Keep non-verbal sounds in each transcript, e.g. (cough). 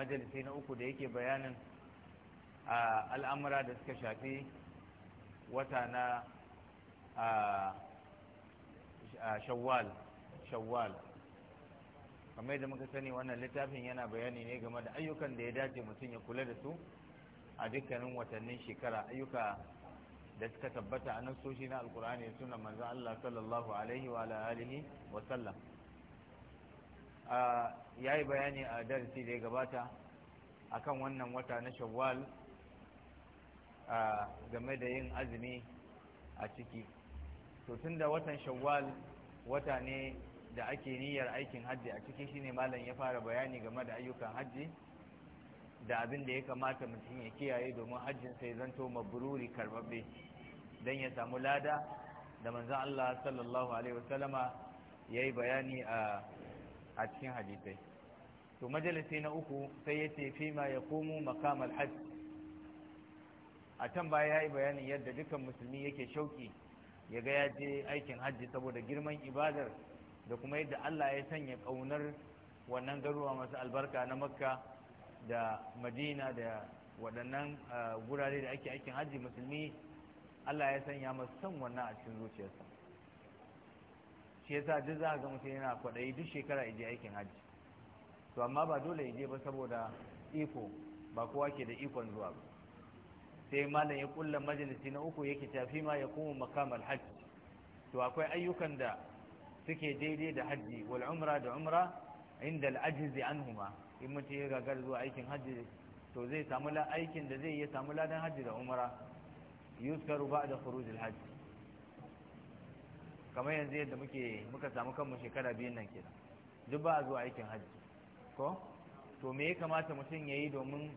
majalisi na uku da yake bayanin a al'amura da suka shafi wata na shawwal shawwal kamar yadda muka sani wannan littafin yana bayani ne game da ayyukan da ya dace mutum ya kula da su a dukkanin watannin shekara ayyuka da suka tabbata a nasoshi na alkur'ani suna manzan Allah sallallahu alaihi wa alihi wa sallam ya yi bayani a darasi da ya gabata akan wannan wata na shawwal game da yin azumi a ciki to tun da watan shawwal wata ne da ake niyyar aikin hajji a ciki shine malam ya fara bayani game da ayyukan hajji da abin da ya kamata mutum ya kiyaye domin hajjin sai zanto mabruri karbabbe don ya samu lada da manzan Allah sallallahu alaihi wasallama ya yi bayani a a cikin hadisai to majalisi na uku sai ya ce fi ma ya komo makamal hajj a can baya ya yi bayanin yadda dukkan musulmi yake shauki ya ga ya je aikin hajji saboda girman ibadar da kuma yadda Allah ya sanya kaunar wannan garuwa masu albarka na makka da madina da waɗannan ah, gurare da ake aikin hajji musulmi Allah ya sanya masu son wannan a cikin zuciyarsa shi yasa duk za ga mutum yana kwaɗayi duk shekara ya je aikin hajji to amma ba dole ya je ba saboda iko ba kowa ke da ikon zuwa ba sai malam ya kulla majalisi na uku yake tafi ma ya kuma makamar hajji to akwai ayyukan da suke daidai da hajji wal umra da umra inda al'ajizi anhuma in mutum ya gagar zuwa aikin hajji to zai samu aikin da zai iya samu ladan hajji da umra yuskaru ba da khurujil hajji kamar yanzu yadda muke muka samu kanmu shekara biyun nan kenan duk ba a zuwa aikin hajji ko to me ya kamata mutum ya yi domin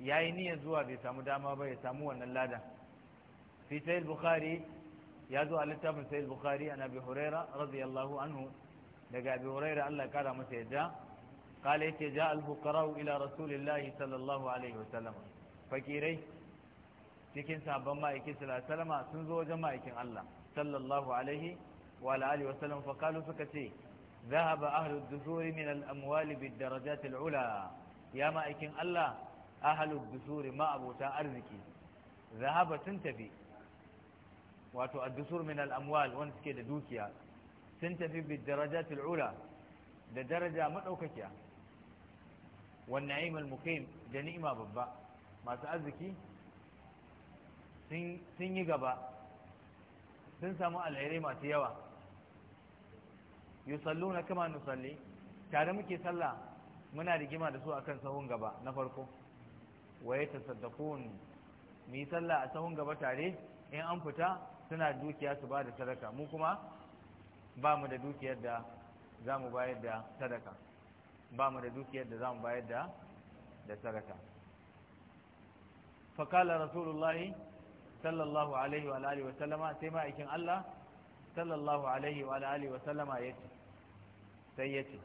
ya yi niyyar zuwa bai samu dama ba ya samu wannan ladan fi sayil bukhari ya zo a littafin sayil bukhari an abi huraira radiyallahu anhu daga abi huraira Allah ya kara masa yadda قال يتي جاء الفقراء إلى رسول الله صلى الله عليه وسلم cikin sabon ma'aikin salama sun zo wajen ma'aikin Allah sallallahu alaihi wa alihi wa sallam fa suka ce dhahaba ahlu dusuri min al amwali bid darajat al ya ma aikin Allah ahlu dusuri ma abota arziki dhahaba sun tafi wato ad-dusur min al amwal wanda suke da dukiya sun tafi bid da daraja والنعيم المقيم da ni'ima babba masu arziki sun yi gaba sun samu alheri masu yawa na kama nusalli tare muke sallah muna rigima da su akan sahun gaba na farko waye tasaddaqun mu yi sallah a sahun gaba tare in an fita suna dukiya su ba da sadaka mu kuma ba mu da dukiyar da za mu bayar da sadaka ba mu da dukiyar da za mu bayar da sadaka fakala rasulullahi sallallahu alaihi wa alihi wa sallama sai ma'aikin Allah sallallahu alaihi wa alihi wa sallama yace sai yace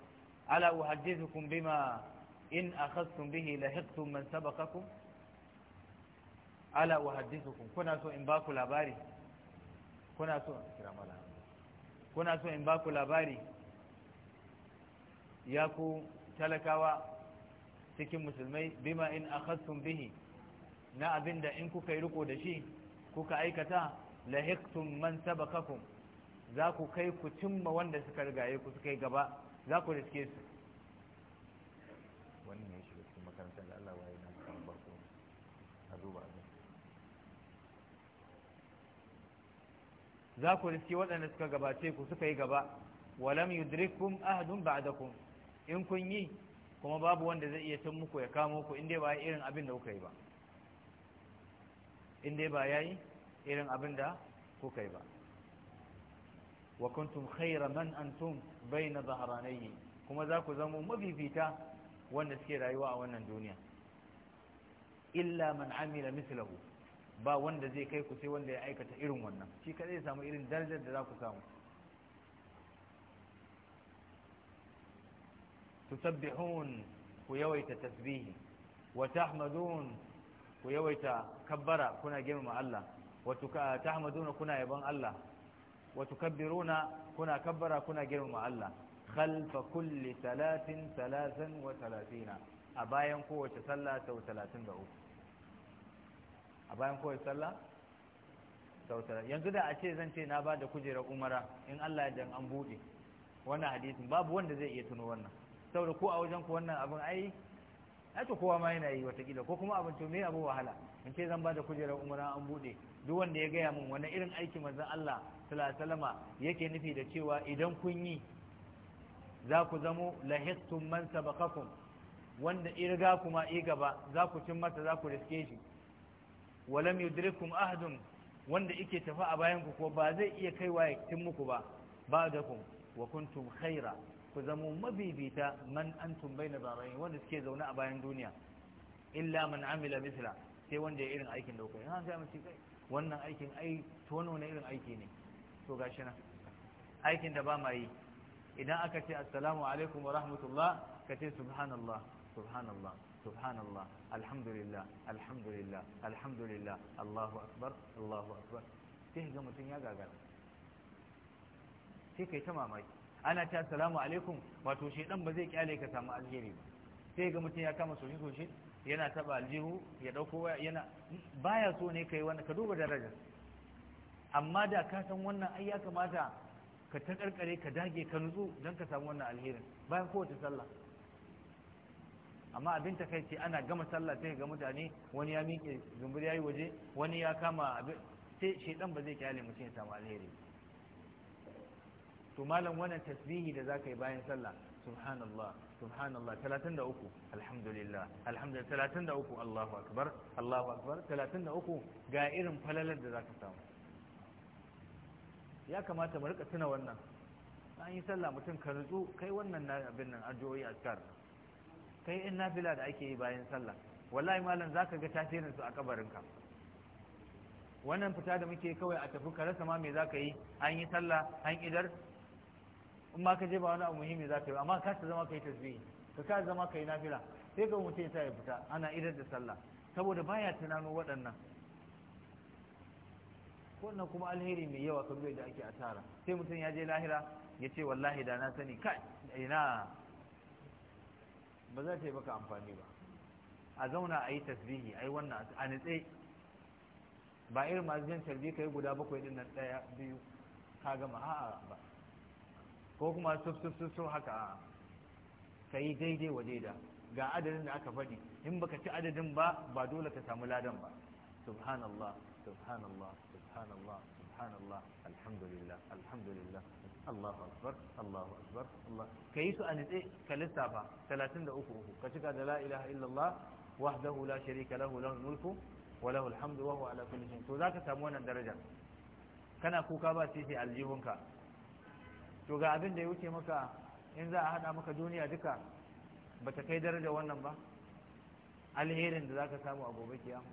ala uhaddithukum bima in akhadhtum bihi lahiqtum man sabaqakum ala uhaddithukum kuna so in baku labari kuna so kira mala kuna so in baku labari ya ku talakawa cikin musulmai bima in akhadtum bihi na abinda in kuka yi riko da shi kuka aikata lahiqtum man sabakakum za ku kai ku cimma wanda suka rigaye ku suka yi gaba za ku riske su wannan ya shiga cikin makaranta da Allah waye na kan barko a duba za ku riske waɗanda suka gabace ku suka yi gaba walam yudrikum ahadun ba'dakum in kun yi kuma babu wanda zai iya tun muku ya kamo ku inda ba irin abin da kuka yi ba in dai ba yayi irin abin da kuka yi ba wa kuntum khayra man antum bayna dhahranayhi kuma za ku zama mabibita wanda suke rayuwa a wannan duniya illa man amila mislahu ba wanda zai kai ku sai wanda ya aikata irin wannan shi kadai ya samu irin darajar da za ku samu tusabbihun ku yawaita tasbihi wa tahmadun ku yawaita kabbara kuna girmama Allah watuka tahmaduna kuna yabon Allah watukabbiruna kuna kabbara kuna girmama Allah khalfa kulli salatin salasan wa salatina abayan kowace sallah sau 33 abayan kowace sallah sau 33 yanzu da a ce zan ce na bada kujerar umara in Allah ya dan an bude wannan hadisin babu wanda zai iya tuno wannan saboda ko a wajen ku wannan abin ai aka kowa ma yana yi watakila ko kuma abin to abu wahala in ce zan ba da kujerar umara an buɗe duk wanda ya gaya min wani irin aiki manzon Allah salama yake nufi da cewa idan kun yi za ku zamo lahistum man sabaqakum wanda irga kuma i gaba za ku cin mata za ku riske shi walam yudrikum ahadun wanda yake tafi a bayan ku ko ba zai iya kaiwa ya cin muku ba ba da kun wa kuntum khaira ku zamo mabibita man an antum baina zarayin wanda suke zaune a bayan duniya illa man amila misla sai wanda ya irin aikin da kai ha sai mu kai wannan aikin ai to wannan irin aiki ne to gashi nan aikin da ba ma yi idan aka ce assalamu alaikum wa rahmatullah ka ce subhanallah subhanallah subhanallah alhamdulillah alhamdulillah alhamdulillah Allahu akbar Allahu akbar sai ga mutum ya gagara sai kai ta mamaki ana ta salamu alaikum wato shedan ba zai kyale ka samu alheri ba sai ga mutum ya kama soji soji yana taba aljihu ya dauko yana baya so ne kai wannan ka duba darajar amma da ka san wannan ai ya kamata ka ta karkare ka dage ka nutsu don ka samu wannan alherin bayan kowace sallah amma abin ta kai ce ana gama sallah sai ga mutane wani ya miƙe zumbur yayi waje wani ya kama abin sai shaidan ba zai kyale mutum ya samu alheri to malam wannan tasbihi da zaka yi bayan sallah subhanallah subhanallah 33 alhamdulillah alhamdulillah 33 Allahu akbar Allahu akbar 33 ga irin falalar da zaka samu ya kamata mu rika tuna wannan an yi sallah mutum ka nutsu kai wannan abin nan addu'o'i azkar kai in nafila da ake yi bayan sallah wallahi malam zaka ga tasirin su a kabarinka wannan fita da muke kawai a tafi ka rasa ma me zaka yi an yi sallah an idar in ma ka je ba wani abu muhimmi za ka yi amma ka ta zama ka yi tasbihi ka ka zama ka yi nafila sai ka mutum ya fita ana idar da sallah saboda baya tunano waɗannan wannan kuma alheri mai yawa kan da ake a asara sai mutum ya je lahira ya ce wallahi da na sani kai ina ba za ta yi baka amfani ba a zauna a yi tasbihi a yi wannan a nitse ba irin masu jan tarbi ka yi guda bakwai ɗin nan biyu ka gama a'a ba ko kuma suf suf suf haka ka yi daidai wa daida ga adadin da aka faɗi in baka ci adadin ba ba dole ka samu ladan ba subhanallah subhanallah subhanallah subhanallah alhamdulillah alhamdulillah Allahu akbar Allahu akbar Allah yi su an tsaye ka lissafa 33 ka cika da la ilaha illallah wahdahu la sharika lahu lahu mulku wa lahul hamdu wa huwa ala kulli shay'in to zaka samu wannan daraja kana kuka ba sai sai aljihunka to ga abin da ya wuce maka in za a hada maka duniya duka ba ta kai daraja wannan ba alherin da za ka samu a gobe kiyama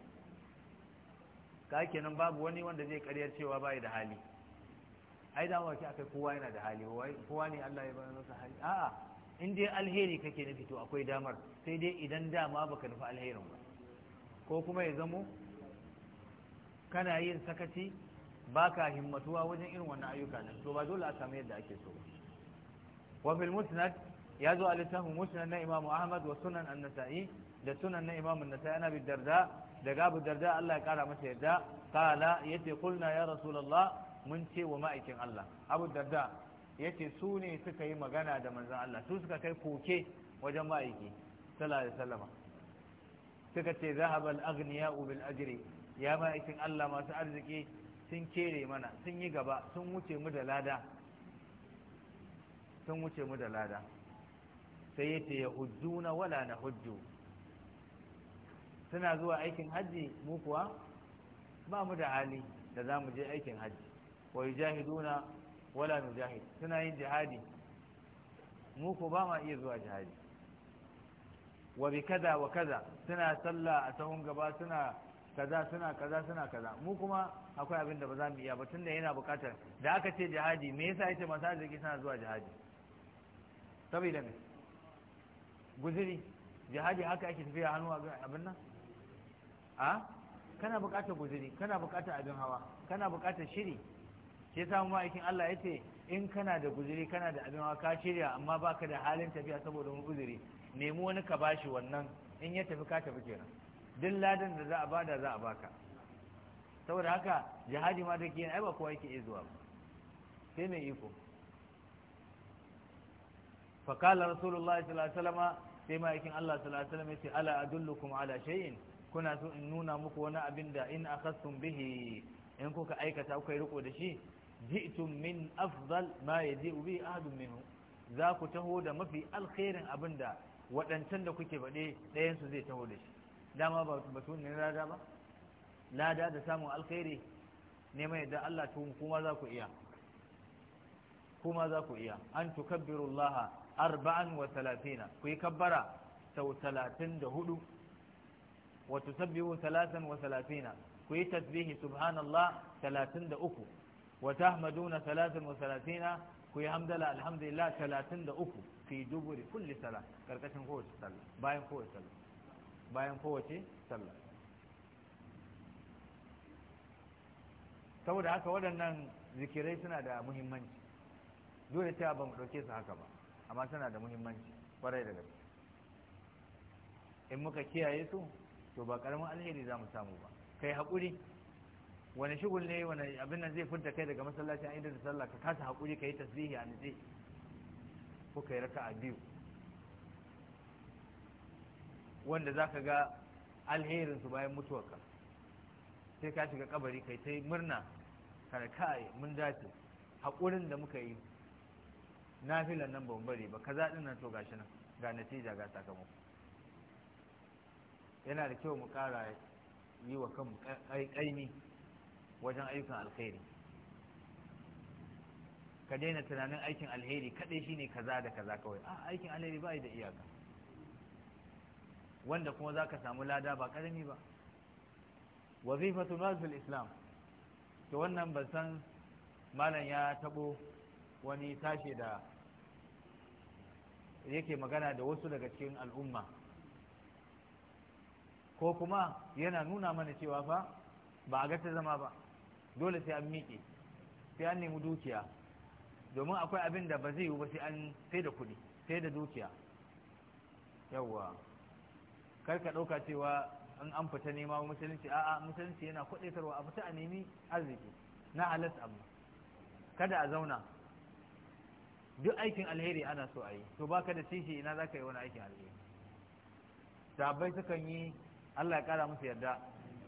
ka kenan babu wani wanda zai karyar cewa bai da hali ai da wace akai kowa yana da hali kowa ne Allah ya bayar masa hali a'a in dai alheri kake nufi to akwai damar sai dai idan dama baka nufi alherin ba ko kuma ya zamo kana yin sakaci ba ka himmatuwa wajen irin wannan ayyuka nan to ba dole a samu yadda ake so wa fil musnad ya zo a littafin musnad na imamu ahmad wa sunan an-nasa'i da sunan na imamu an-nasa'i ana bi darda daga abu darda Allah ya kara masa yadda qala yace qulna ya rasulullah mun ce wa ma'aikin Allah abu darda yace su ne suka yi magana da manzon Allah su suka kai koke wajen ma'aiki sallallahu alaihi wasallam suka ce zahabal aghniya bil ajri ya ma'aikin Allah masu arziki sun kere mana sun yi gaba sun wuce mu da lada sun wuce mu da lada sai ya ce ya na wala na hujju suna zuwa aikin hajji mu kuwa ba mu da hali da za mu je aikin hajji wa na wala nujahid suna yin jihadi mu ku ba ma iya zuwa jihadi wa bi kaza wa kaza suna sallah a tsawon gaba suna kaza suna kaza suna kaza mu kuma akwai abin da ba za mu iya ba tunda yana bukatar da aka ce jihadi me yasa yace masu arziki suna zuwa jihadi saboda me guziri jihadi haka ake tafiya hannu a abin nan a kana bukatar guziri kana bukatar abin hawa kana bukatar shiri sai samu ma'aikin Allah ya ce in kana da guziri kana da abin hawa ka shirya amma baka da halin tafiya saboda wani guziri nemi wani ka bashi wannan in ya tafi ka tafi kenan duk ladan da za a bada za a baka saboda haka jihadi ma da ke yin ba kowa yake iya zuwa ba sai mai iko fakala rasulullahi sallallahu alaihi wasallam sai ma'aikin Allah sallallahu alaihi wasallam yace ala adullukum ala shay'in kuna so in nuna muku wani abin da in akhastum bihi in kuka aikata kuka riko da shi ji'tum min afdal ma yaji'u bi ahadun minhu za ku taho da mafi alkhairin abin da waɗancan da kuke baɗe ɗayansu zai taho da shi dama ba batu ne lada ba lada da samun alkhairi mai da Allah tun kuma za ku iya kuma za ku iya an tukabbirullaha arba'an wa talatina ku yi kabbara sau talatin da hudu wa tusabbihu talatan wa talatina ku yi tasbihi subhanallah talatin da uku wa tahmaduna talatin wa talatina ku yi hamdala alhamdulillah talatin da uku fi duburi kulli sala karkashin kowace sallah bayan kowace sallah bayan kowace sallah saboda haka waɗannan zikirai suna da muhimmanci dole ta ba mu ɗauke su haka ba amma suna da muhimmanci ƙwarai da gaske in muka kiyaye su to ba ƙaramin alheri za mu samu ba kai haƙuri wani shigul ne wani abin nan zai furta kai daga masallacin inda da sallah ka kasa haƙuri ka yi tasbihi a nitse ko ka yi raka'a biyu wanda za ka ga alherinsu bayan mutuwarka sai ka shiga kabari kai ta murna karkai mun dace haƙurin da muka yi na nan ban ba kaza zaɗin nan to gashi nan ga natija ga sakamako yana da kyau mu ƙara yi wa kanmu ƙaimi wajen ayyukan alkhairi ka daina tunanin aikin alheri kaɗai shine kaza da kaza kawai a aikin alheri ba yi da iyaka wanda kuma za ka samu lada ba ƙarami ba wazifatu nazil islam to wannan ban san malam ya tabo wani tashi da yake magana da wasu daga cikin al'umma ko kuma yana nuna mana cewa fa ba a gata zama ba dole sai an miƙe sai an nemi dukiya domin akwai abin da ba zai yi ba sai an sai da kuɗi sai da dukiya yawwa kar ka ɗauka cewa in an fita nema musulunci a'a musulunci yana kuɗaitarwa a fita a nemi arziki na halas amma kada a zauna duk aikin alheri ana so a yi to ba ka da tishi ina za ka yi wani aikin alheri sabai sukan yi allah ya kara musu yarda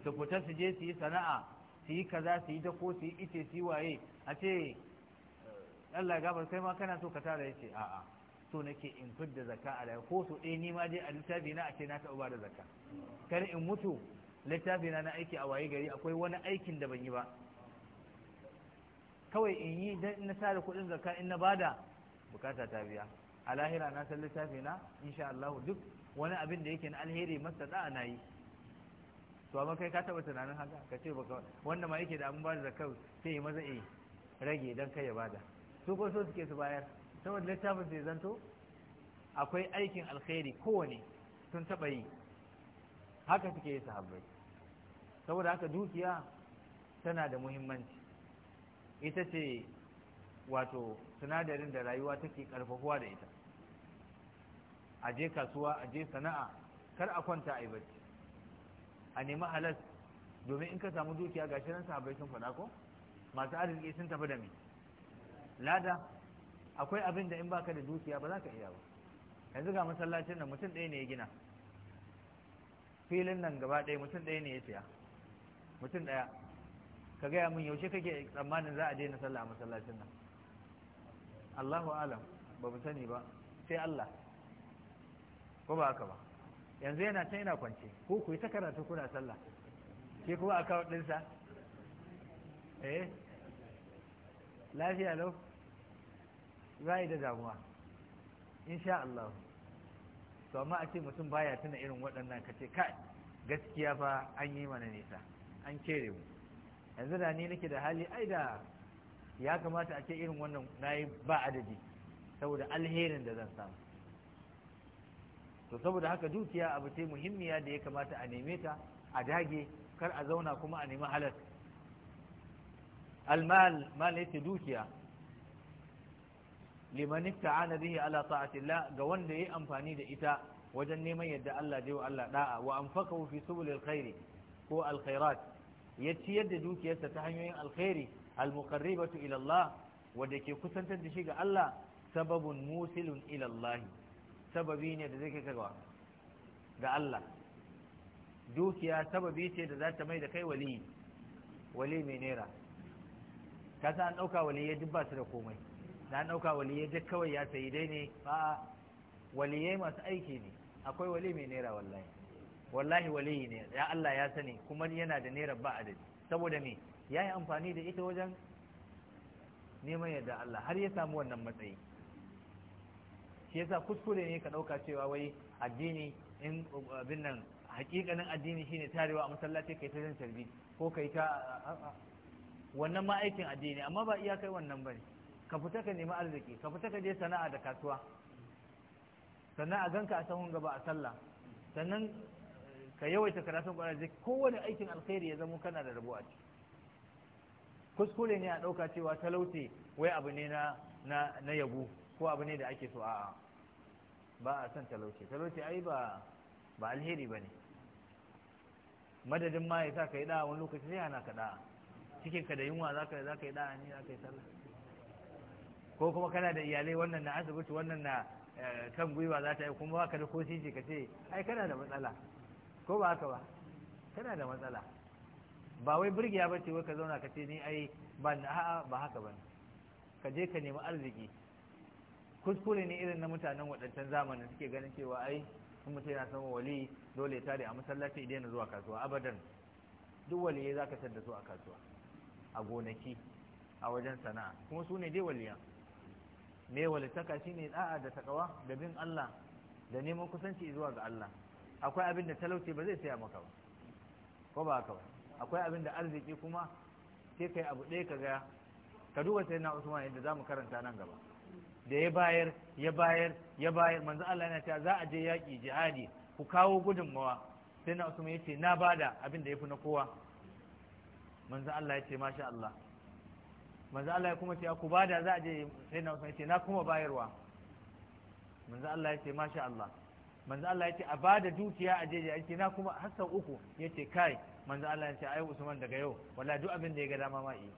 su fita su je su yi sana'a su yi kaza su yi dako su yi ice su yi waye a ce allah ya gafar kai ma kana so ka tara ya ce a'a so nake in fidda zakka a rayuwa ko so ɗaya ni ma dai a littafi na a ce na taɓa ba da zakka kar in mutu littafi na na aiki a waye gari akwai wani aikin da ban yi ba kawai in yi dan na tare kuɗin zaka in na bada bukata ta biya a lahira na san littafi na insha Allah duk wani abin da yake na alheri masa da na yi to amma kai ka taɓa tunanin haka ka ce baka wanda ma yake da an ba da zakka sai maza eh rage dan kai ya bada su ko so suke su bayar saboda littafin sai zanto akwai aikin alkhairi kowane sun taɓa yi haka suke yi sahabbai saboda haka dukiya tana da muhimmanci ita ce wato sinadarin da rayuwa take karfafuwa da ita a je kasuwa a je sana'a kar a kwanta a yi bacci a nemi halas domin in ka samu dukiya ga shirin sahabbai sun faɗa ko masu arziki sun tafi da mai lada akwai abin da in baka da dukiya ba za ka iya ba yanzu ga masallacin nan mutum ɗaya ne ya gina filin nan gaba ɗaya mutum ɗaya ne ya siya mutum ɗaya ka gaya min yaushe kake tsammanin za a daina sallah a masallacin nan Allahu alam ba mu sani ba sai Allah ko ba haka ba yanzu yana can yana kwance ko ku yi ta karatu kuna sallah shi kuma akawun ɗinsa eh lafiya lau ba da damuwa insha Allah to amma a ce mutum baya tuna irin waɗannan ka ce kai gaskiya fa an yi mana nisa an kere mu yanzu da ni nake da hali ai da ya kamata a ce irin wannan nayi ba adadi saboda alherin da zan samu to saboda haka dukiya abu ce muhimmiya da ya kamata a neme ta a dage kar a zauna kuma a nemi halar almal mal yace dukiya liman ta'ana bihi ala ta'atillah ga wanda yayi amfani da ita wajen neman yadda Allah wa Allah da'a wa anfaqahu fi subulil khairi ko alkhairat ya ciyar da dukiyarsa ta hanyoyin alkhairi almuqarribatu ila Allah wanda ke kusantar da shi ga Allah sababun musilun ila Allah sababi ne da zai kai ga ga Allah dukiya sababi ce da za ta mai da kai wali wali mai nera an dauka wali ya dubba su da komai na ɗauka waliyai duk kawai ya sayi dai ne ba waliyai masu aiki ne akwai wali mai naira wallahi wallahi waliyi ne ya Allah ya sani kuma yana da naira ba adadi saboda me ya yi amfani da ita wajen neman yadda Allah har ya samu wannan matsayi shi yasa kuskure ne ka ɗauka cewa wai addini in abin nan hakikanin addini shine tarewa a masallaci kai ta zan tarbi ko kai ta wannan ma aikin addini amma ba iya kai wannan bane ka fita ka nemi arziki ka fita ka je sana'a da kasuwa sannan a ganka a sahun gaba a sallah sannan eh, ka yawaita karatun jiki kowane aikin alkhairi ya zama kana da rabuwa ce kuskure ne a ɗauka cewa talauce wai abu ne na na yabo ko abu ne da ake so a'a ba a son talauce talauce ai ba ba alheri ba ne madadin ma ya sa ka yi da'a wani lokaci sai ana ka da'a cikin ka da yunwa za ka yi da'a ne za ka yi sallah ko kuma kana da iyalai wannan na asibiti wannan na eh, kan gwiwa za ta yi kuma baka da ko ka ce ai kana da matsala ko ba haka ba kana da matsala ba wai burgiya ba ce wai ka zauna ka ce ni ai ban a'a ba haka ba ka je ka nemi arziki kuskure ne irin na mutanen waɗancan zamanin suke ganin cewa ai kuma sai yana samun wali dole ya tare a masallaci idan na zuwa kasuwa abadan duk waliyai za ka da su a kasuwa a gonaki a wajen sana'a kuma su ne dai waliyan me walitaka shine da'a da takawa da bin Allah da neman kusanci zuwa ga Allah akwai abin da talauci ba zai saya maka ba ko ba haka ba akwai abin da arziki kuma sai kai abu ɗaya ka ga ka duba sai na Usman yadda zamu karanta nan gaba da ya bayar ya bayar ya bayar manzo Allah yana cewa za a je yaki jihadi ku kawo gudunmawa sai na Usman yace na bada abin da yafi na kowa manzo Allah yace masha Allah manzo Allah ya kuma ce ku bada za a je sai na Usman ce na kuma bayarwa manzo Allah ya ce masha Allah manzo Allah ya ce a bada dukiya a je jeje ake na kuma har sau uku ya ce kai manzo Allah ya ce ai Usman daga yau wallahi duk abin da ya ga dama ma yi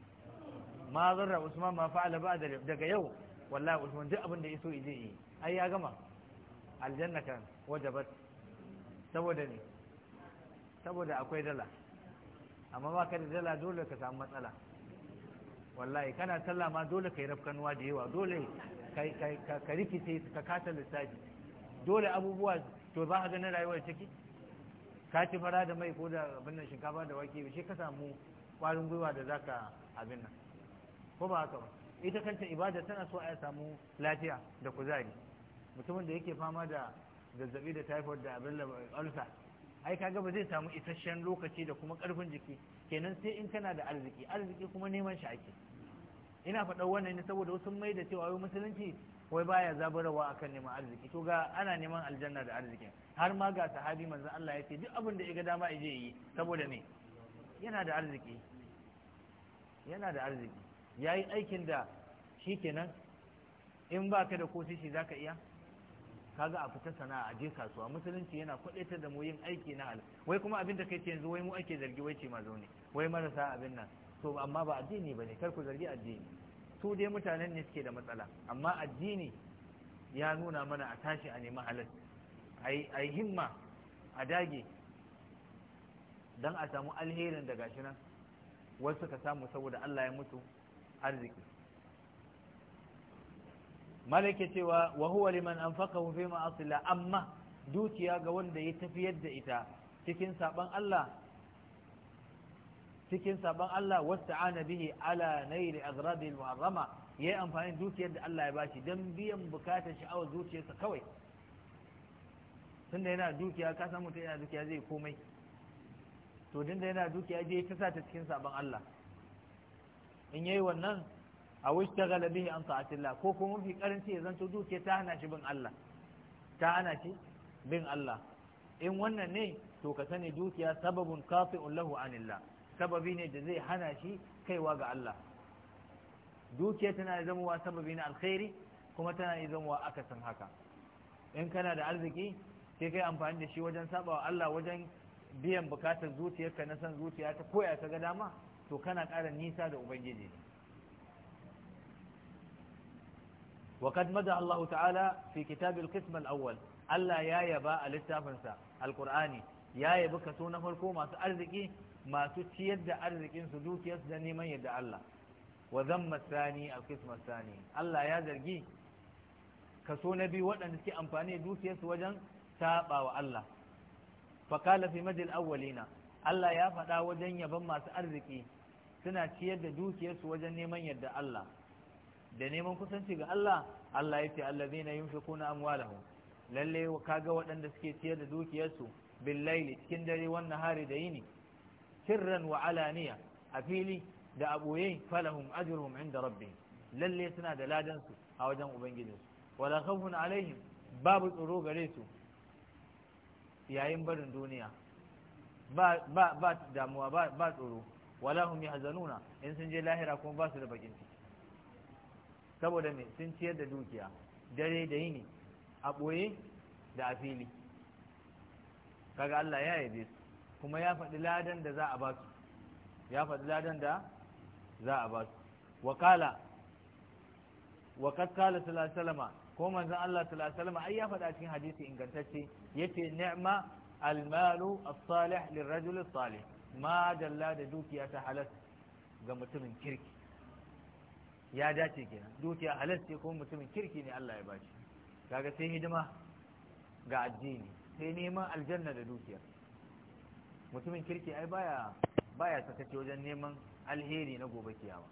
ma zarra Usman ma fa'ala ba daga yau wallahi Usman duk abin da ya so ya je yi ai ya gama aljanna kan wajabat saboda ne saboda akwai dala amma ba ka da dala dole ka samu matsala wallahi kana sallah ma dole kai rafkanuwa da yawa dole ka rikice ka kata lissafi dole abubuwa to ba ka na rayuwar ciki ka ci fara da mai ko da abin nan shinkafa da wake shi ka samu kwarin gwiwa da zaka abin nan ko ba haka ba ita kanta ibada tana so a samu lafiya da kuzari mutumin da yake fama da zazzabi da typhoid da abin da ulcer ai kaga ba zai samu isasshen lokaci da kuma karfin jiki kenan sai in kana da arziki arziki kuma neman shi ake ina faɗa wannan ne saboda wasu mai da cewa wai musulunci wai baya zabarawa akan neman arziki to ga ana neman aljanna da arzikin har ma ga sahabi manzo Allah ya ce duk abin da ya ga dama ya yi saboda me yana da arziki yana da arziki yayi aikin da shikenan in baka da kosishi zaka iya kaga a fita sana'a a je kasuwa musulunci yana kwadaitar da mu yin aiki na al wai kuma abin da kai ce yanzu wai mu ake zargi wai ce mazo ne wai marasa abin nan to amma ba addini bane kar ku zargi addini su dai mutanen ne suke da matsala amma addini ya nuna mana a tashi a nemi halal a yi himma a dage don a samu alherin da gashi nan wasu ka samu saboda Allah ya mutu arziki malaka cewa wa huwa liman anfaqahu fi ma'asila amma dukiya ga wanda ya tafiyar da ita cikin saban Allah cikin saban Allah wasta'ana bihi ala nail aghradi al-muharrama yayi amfani dukiyar da Allah ya bashi dan biyan bukatar sha'awar zuciyarsa kawai tunda yana dukiya ka san mutum yana dukiya zai komai to dinda yana dukiya zai ta sa ta cikin saban Allah in yayi wannan a wishtaghala bihi an Atilla ko kuma mafi karanci ya zanto duke ta hana shi bin Allah ta hana shi bin Allah in wannan ne to ka sani dukiya sababun kafi'un lahu anillah sababi ne da zai hana shi kaiwa ga Allah dukiya tana da zamowa sababi na alkhairi kuma tana da zamowa akasin haka in kana da arziki sai kai amfani da shi wajen sabawa Allah wajen biyan bukatar zuciyarka na san zuciya ta koya ka ga dama to kana ƙara nisa da ubangiji ne وقد مدى الله تعالى في كتاب القسم الأول ألا يا يباء للتافنسا القرآني يا يبك سونه الكومة أرزكي ما تتيد أرزكي سدوك يسدني من يد الله وذم الثاني القسم الثاني ألا يا زرقي كسو نبي وأن سكي أنفاني دوك يسوجا سابا وألا فقال في مدى الأولين ألا يا فتا وجن يبما سأرزكي سنة تيد دوك يسوجا من يد الله da neman kusanci ga Allah Allah ya ce allazina yunfiquna amwalahum lalle kaga waɗanda suke ciyar da dukiyarsu billaili laili cikin dare wannan hari da yini sirran wa alaniya a fili da aboye falahum ajruhum inda rabbi lalle suna da ladan su a wajen ubangijinsu wala khawfun alaihim babu tsoro gare su yayin barin duniya ba ba damuwa ba tsoro wala hum yahzanuna in sun je lahira kuma ba su da bakin ciki saboda me sun ciyar da dukiya dare da yini a ɓoye da a fili kaga Allah ya yabe su kuma ya faɗi ladan da za a ba su ya faɗi ladan da za a ba su wakala wakat kala salama ko manzon Allah salama ai ya faɗa cikin hadisi ingantacce yace ni'ma almalu as-salih lirrajul salih ma dalla da dukiya ta halas ga mutumin kirki ya dace kenan dukiya halal ce ko mutumin kirki ne Allah ya bashi kaga sai hidima ga addini sai neman aljanna da dukiya mutumin kirki ai baya baya sakace wajen neman alheri na gobe kiyama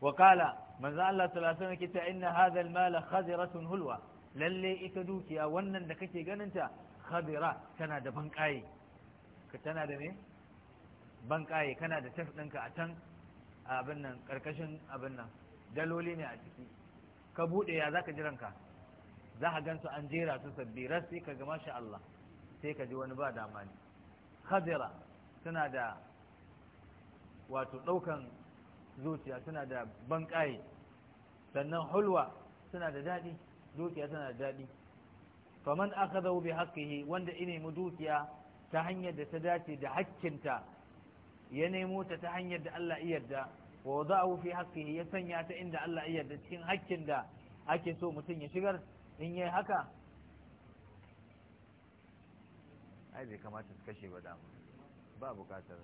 وقال من ذا الله inna كتا إن هذا المال خذرة هلوة للي إكدوكي أولا دكتي قننت خذرة كان دا بنك آي كتنا دا مي بنك آي كان دا تفتنك أتن abin nan karkashin abin nan daloli ne a ciki ka buɗe ya zaka ji ranka za ka gansu an jera su sabbi rasi ka ga masha Allah sai ka ji wani ba dama ne khadira suna da wato ɗaukan zuciya suna da banƙaye sannan hulwa suna da daɗi zuciya tana da daɗi faman aka zau bi haƙƙihi wanda ine mu dukiya ta hanyar da ta dace da hakkinta ya nemo ta ta hanyar da Allah iya yarda wa a wufi haqqihi ya sanya ta inda Allah iya yarda cikin haƙƙin da ake so mutum ya shigar in yi haka ai bai kamata su kashe ba damu ba bukatar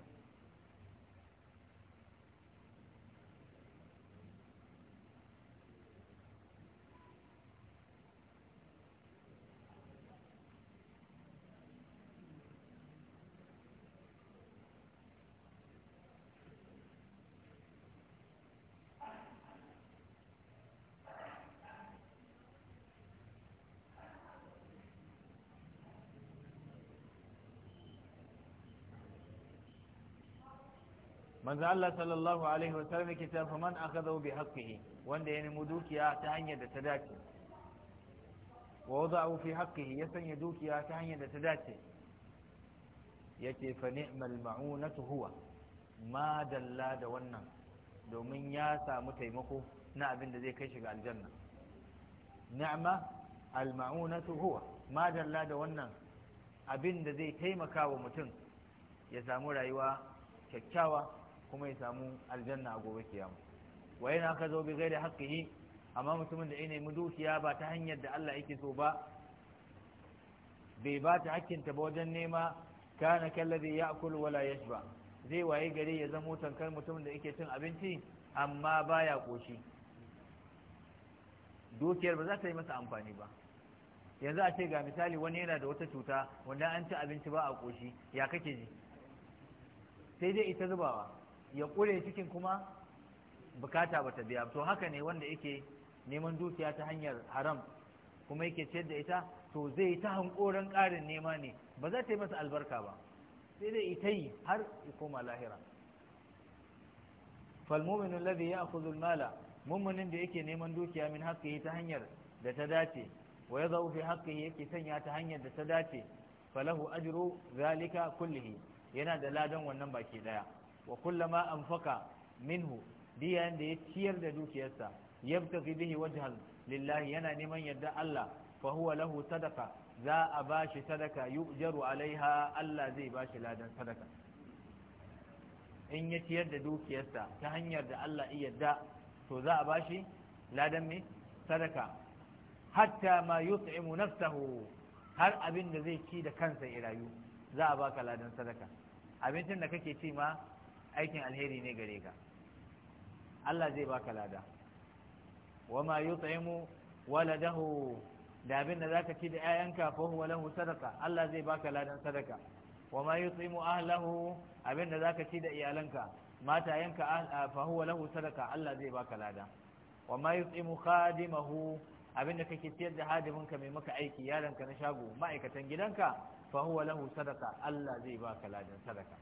manzo Allah sallallahu alaihi wasallam yake cewa man akhadahu bi haqqihi wanda ya nemi dukiya ta hanyar da ta dace wa wada'u fi haqqihi ya sanya dukiya ta hanyar da ta dace yake fa ni'mal ma'unatu huwa ma dalla da wannan domin ya samu taimako na abin da zai kai shi ga aljanna ni'ma al ma'unatu huwa ma dalla da wannan abin da zai taimaka wa mutum ya samu rayuwa kyakkyawa kuma ya samu aljanna a gobe kiyama wa yana ka zo bi gairi haqqihi amma mutumin da ina, nemi ba ta hanyar da Allah yake so ba bai ba ta hakkinta ba wajen nema kana ya ya'kul wala yashba zai waye gari ya zama tankar mutumin da yake cin abinci amma baya koshi dukiyar ba za ta yi masa amfani ba yanzu a ce ga misali wani yana da wata cuta wanda an ci abinci ba a koshi ya kake ji sai dai ita zubawa ya ƙure cikin kuma bukata bata biya to haka ne wanda yake neman dukiya ta hanyar haram kuma yake ciyar da ita to zai ta hankoran ƙarin nema ne ba za ta yi masa albarka ba sai dai ita yi har ya koma lahira Falmominin ladhi ya akuzul mala mummunin da yake neman dukiya min haƙƙi ta hanyar da ta dace wa ya zaufi haƙƙi yake sanya ta hanyar da ta dace falahu ajru zalika kullihi yana da ladan wannan baki daya wa kullama anfaqa minhu diyan da ya ciyar da dukiyarsa yabtaghi bihi wajhan lillahi yana neman yadda Allah fa huwa lahu sadaqa za a bashi sadaka yujaru alaiha Allah zai bashi ladan sadaka in ya ciyar da dukiyarsa ta hanyar da Allah iya da to za a bashi ladan me? sadaka hatta ma yut'imu nafsahu har abin da zai ci da kansa ya rayu za a baka ladan sadaka abincin da kake ci ma aikin alheri ne gare ka Allah zai baka lada wama yut'imu waladahu da abin da zaka ci da ƴaƴanka, fa huwa lahu sadaqa Allah zai baka ladan sadaka wama yut'imu ahlahu abin da zaka ci da iyalanka matayenka ah, ah, fa huwa lahu sadaqa Allah zai baka lada wama yut'imu khadimahu abin da kake ciyar da hadiminka mai maka aiki yaranka na shago ma'aikatan gidanka fa huwa lahu sadaqa Allah zai baka ladan sadaka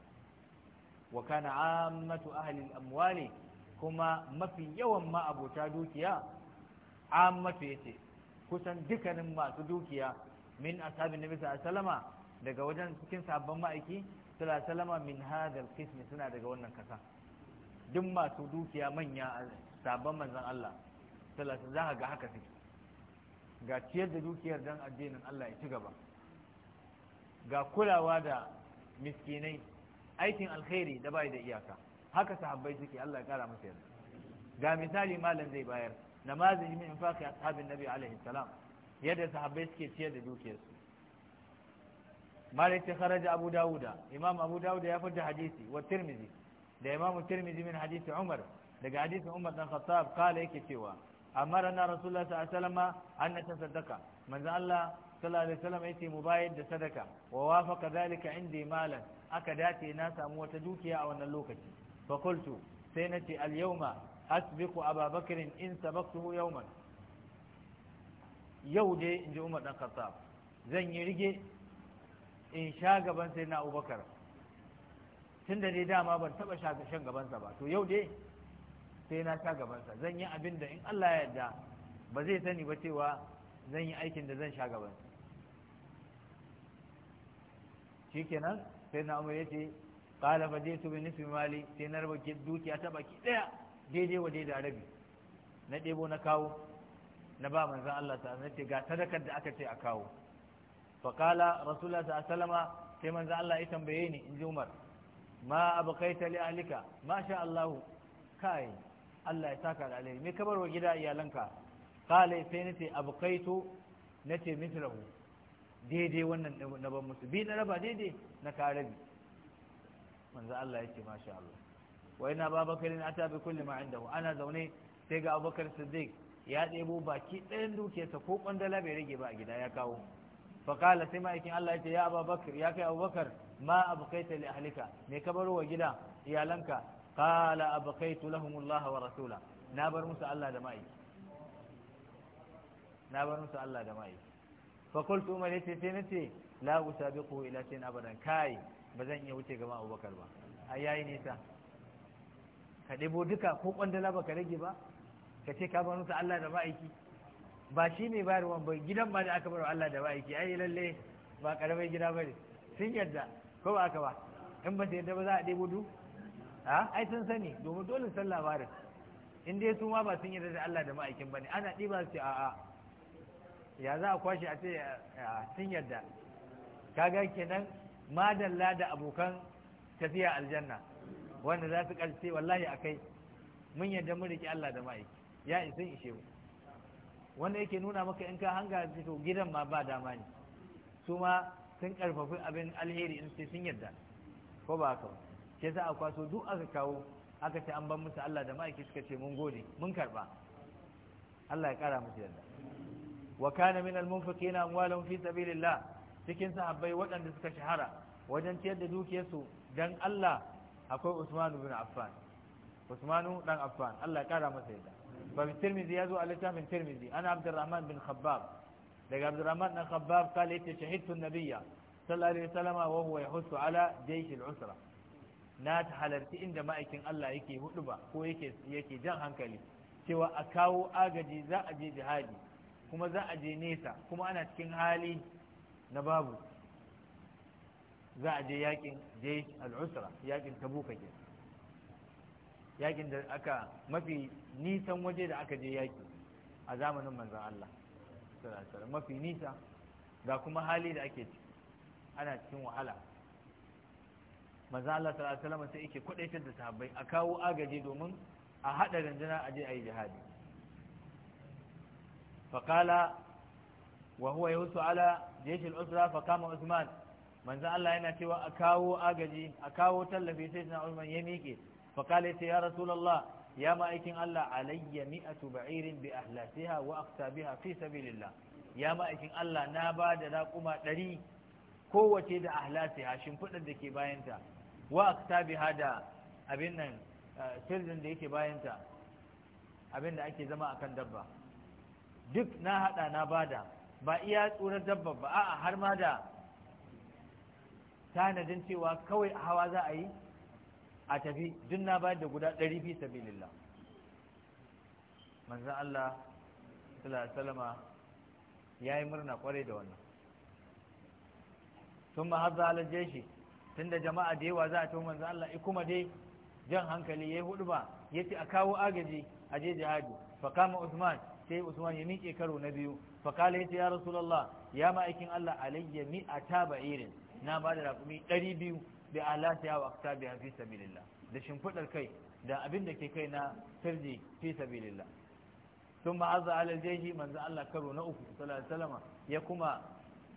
wa kana ammatu ahli amwali kuma mafi yawan ma abota dukiya ammatu yace kusan dukkanin masu dukiya min ashabin nabi sallallahu daga wajen cikin sabon ma'aiki sallallahu salama min hadal qismi suna daga wannan kasa duk masu dukiya manya sabon manzon Allah sallallahu za ga haka suke ga ciyar da dukiyar dan addinin Allah ya ci gaba ga kulawa da miskinai aikin alkhairi da bai da iyaka haka sahabbai suke Allah ya kara masa yarda ga misali malam zai bayar namazin min infaqi ashabin nabi alaihi salam yadda sahabbai suke ciyar da dukiyarsu Malik ta kharaja abu dawud imam abu dawud ya fada hadisi wa tirmizi da imam tirmizi min hadisi umar daga hadisin umar dan khattab kala yake cewa amarna rasulullah sallallahu alaihi wasallam an natasaddaqa manzo Allah sallallahu alaihi wasallam yace mu bayar da sadaka wa wafaqa zalika indi malan aka dace na samu wata dukiya a wannan lokaci fa qultu sai nace al yawma asbiqu ababakr in sabaqtuhu yawman yau dai in ji umar dan khattab zan yi rige in sha gaban sai na abubakar tun da dai dama ban taba shan gabansa ba to yau dai sai na sha gabansa zan yi abin da in Allah ya yarda ba zai sani ba cewa zan yi aikin da zan sha gabansa shikenan sai na umar yace qala fa jaitu bi nufin mali sai na raba dukiya ta baki daya daidai wa daidai rabi na debo na kawo na ba manzan Allah ta ce ga sadakar da aka ce a kawo fa kala rasulullah sallallahu sai manzan Allah ya tambaye ni in ji umar ma abqaita li ahlika ma sha Allah kai Allah ya saka da alheri me kabar wa gida iyalanka kala sai nace abqaitu nace mithlahu daidai wannan na ban musu bi na raba daidai na karabi manzo Allah yake masha Allah wa ina babakarin ata bi kulli ma indahu ana zaune sai ga Abubakar Siddiq ya ɗebo baki ɗayan dukiyarsa ko kwandala bai rage ba a gida ya kawo faƙala sai ma'aikin Allah ya ya abubakar ya kai abubakar ma abakaita li ahlika me ka baro wa gida iyalanka qala abakaitu lahumullah wa rasula na bar musu Allah da ma'aiki na bar musu Allah da ma'aiki fakultu umar ya ce sai na ce la usabiqu ila shay'in abadan kai ba zan iya wuce gaban abubakar ba ai yayi nisa ka ɗebo duka ko kwandala ba ka rage ba ka ce ka bar musu Allah da ma'aiki ba shi ne bayarwa ba gidan ba da aka bar Allah da ma'aiki ai lalle ba karamin gida bane sun yarda ko ba aka ba in ba ta yarda ba za a ɗebo du a ai sun sani domin dole san labarin in dai su ma ba sun yarda da Allah da ma'aikin bane ana ɗiba su a'a ya za a kwashe a ce sun yadda kaga kenan madalla da abokan tafiya aljanna wanda za su karce wallahi a kai mun yadda mun riƙe Allah da ma'aiki ya isin ishe mu wanda yake nuna maka in ka hanga to gidan ma ba dama ne su ma sun karfafi abin alheri in sai sun yadda ko ba haka ba ke za a kwaso duk aka kawo aka ce an ban musu Allah da ma'aiki suka ce mun gode mun karba Allah ya kara musu yadda wa kana min al-munfiqina amwalahum fi sabilillah cikin sahabbai wadanda suka shahara wajen ciyar da dukiyarsu dan Allah akwai Usman ibn Affan Usman dan Affan Allah ya kara masa yadda babu Tirmidhi ya zo a littafin Tirmidhi ana Abdurrahman bin Khabbab daga Abdurrahman bin Khabbab kale ita shahidtu an-nabiyya sallallahu alaihi wasallam wa huwa yahussu ala jaysh al-usra na ta halarci inda ma'aikin Allah yake hudu ba ko yake yake jan hankali cewa a kawo agaji za a je jihadi kuma za a je nesa kuma ana cikin hali na babu za a je yakin jesh al'usra, yakin tabuka ke yakin da aka mafi nisan waje da aka je yaki a zamanin manzan Allah mafi nisa ga kuma hali da ake ciki ana cikin wahala manzan Allah sallallahu alaihi sai yake kudaitar da sahabbai a kawo agaji domin a a je a yi jihadi فقال وهو يوسو على جيش الأسرة فقام عثمان من ذا الله هنا تيوى أكاو آجي أكاو تلفي سيدنا عثمان يميكي فقال يا رسول الله يا ما أيكين الله علي مئة بعير بأهلاتها وأقتابها في سبيل الله يا ما أيكين الله نابا دراكما دري kowace da ahlasiha shimfiɗar da ke bayanta wa aktabiha da abin nan sirrin da yake bayanta abin da ake zama akan dabba duk na haɗa na bada ba iya tsoron dabba ba a'a har ma da tanadin cewa kawai hawa za a yi a tafi duk na bayar da guda ɗari fi sabilillah manzan Allah salama ya yi murna kwarai da wannan sun ma haza shi tun da jama'a da yawa za a to manzan Allah kuma dai jan hankali ya yi hudu ba ya ce a kawo agaji a je jihadi fa kama Usman sai usman ya miƙe karo na biyu fakala ya ce ya rasulullah ya allah alayya mi a tabairin irin na ba da rakumi ɗari biyu bi alata ya wakta fi sabilillah da shimfiɗar kai da abin da ke kai na sirji fi sabilillah sun ma'azza alal jeji manzo allah karo na uku sallallahu ya kuma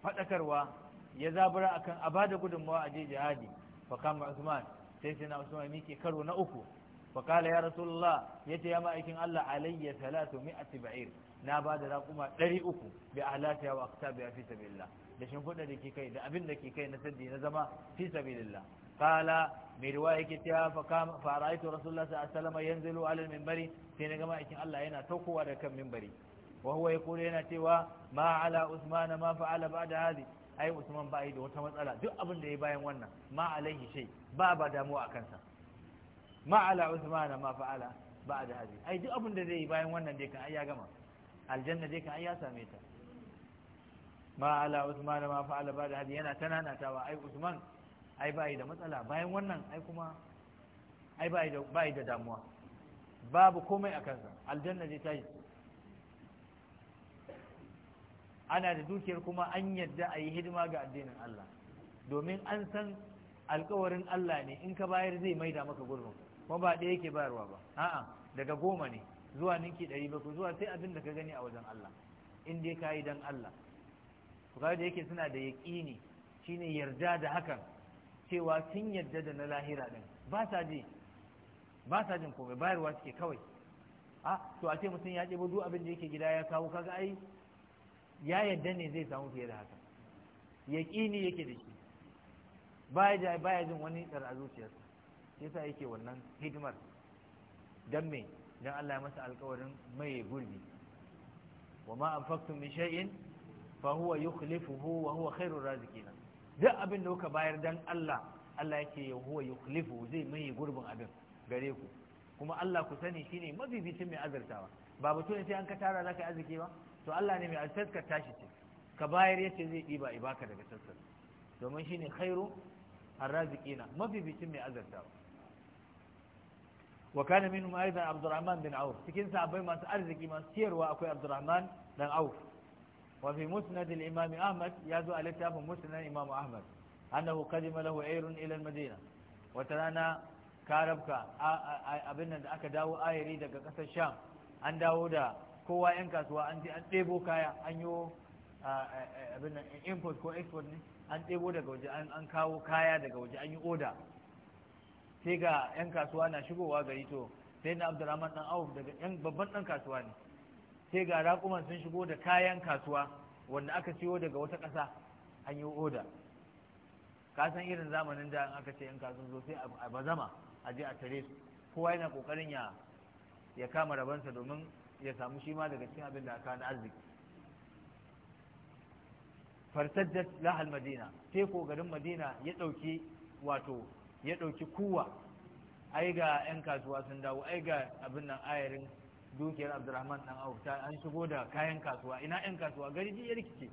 fadakarwa ya zabura akan a bada gudunmawa a je jihadi fakama usman sai sai na usman miƙe karo na uku fakala ya rasulullah ya ce ya Allah alayya talatu mi'ati ba'ir na ba da raƙuma ɗari uku bi ahlatiya wa aktabi fi da shimfiɗa da ke kai da abin da ke kai na sirri na zama fi sabilillah kala mai riwaya yake cewa fa ra'aytu rasulullah sallallahu alaihi wasallam sai na ga ma'aikin Allah yana taukowa da kan minbari wa huwa yaqulu yana cewa ma ala usman ma fa'ala ba'da hadi ai usman ba yi da wata matsala duk abin da ya bayan wannan ma shai. Ba a ba damuwa a kansa. ma'ala usmana ma fa'ala ba'da hadi ai duk abin da zai yi bayan wannan dai kan ai ya gama aljanna dai kan ai ya same ta ma'ala usmana ma fa'ala ba'da hadi yana tananatawa ai usman ai bai da matsala bayan wannan ai kuma ai bai da bai da damuwa babu komai a kansa aljanna dai ta yi ana da dukiyar kuma an yadda a yi hidima ga addinin Allah domin an san alkawarin Allah ne in ka bayar zai maida maka gurbinka kuma ba ɗaya yake bayarwa ba a'a daga goma ne zuwa ninki ɗari bakwai zuwa sai abin da ka gani a wajen Allah in dai ka yi don Allah to da yake suna da yaƙini shine yarda da hakan cewa sun yarda da na lahira din ba sa ji ba sa jin komai bayarwa suke kawai a to a ce mutum ya ɗebo duk abin da yake gida ya kawo kaga ai ya yarda ne zai samu fiye da haka yaƙini yake da shi baya jin wani tsara a zuciyarsa yasa yake wannan hidimar dan me dan Allah ya masa alƙawarin mai gurbi wa ma anfaqtum min shay'in fa huwa yukhlifuhu wa huwa khairur raziqin duk abin da kuka bayar dan Allah Allah yake ya huwa yukhlifu zai mai gurbin abin gare ku kuma Allah ku sani shine mabibicin mai azartawa ba mutum sai an ka tara zaka arziki ba to Allah ne mai azartar tashi ce ka bayar yace zai ɗiba ibaka daga sassan domin shine khairu arraziqina mabibicin mai azartawa wa kana minhum aidan Abdurrahman bin Auf cikin sahabbai masu arziki masu ciyarwa akwai Abdurrahman dan Auf wa fi musnad al-Imam Ahmad ya zo a littafin musnad Imam Ahmad annahu qadima lahu ayrun ila al-Madina wata rana karabka abin nan da aka dawo ayari daga kasar Sham an dawo da kowa yan kasuwa an je an ɗebo kaya an yi abin nan import ko export ne an ɗebo daga waje an kawo kaya daga waje an yi oda sai ga 'yan kasuwa na shigowa gari to sai na abdurrahman dan awuf daga yan babban dan kasuwa ne sai ga raƙuman sun shigo da kayan kasuwa wanda aka siyo daga wata ƙasa an yi oda ka san irin zamanin da aka ce yan kasuwa zo sai a bazama a je a tare su kowa yana kokarin ya ya kama rabansa domin ya samu shi ma daga cikin abin da aka na arziki farsajjat lahal madina sai ko garin madina ya ɗauki wato ya ɗauki kuwa ai ga 'yan kasuwa sun dawo ai ga abin nan ayarin dukiyar abdurrahman dan auf ta an shigo da kayan kasuwa ina 'yan kasuwa gari garji ya rikice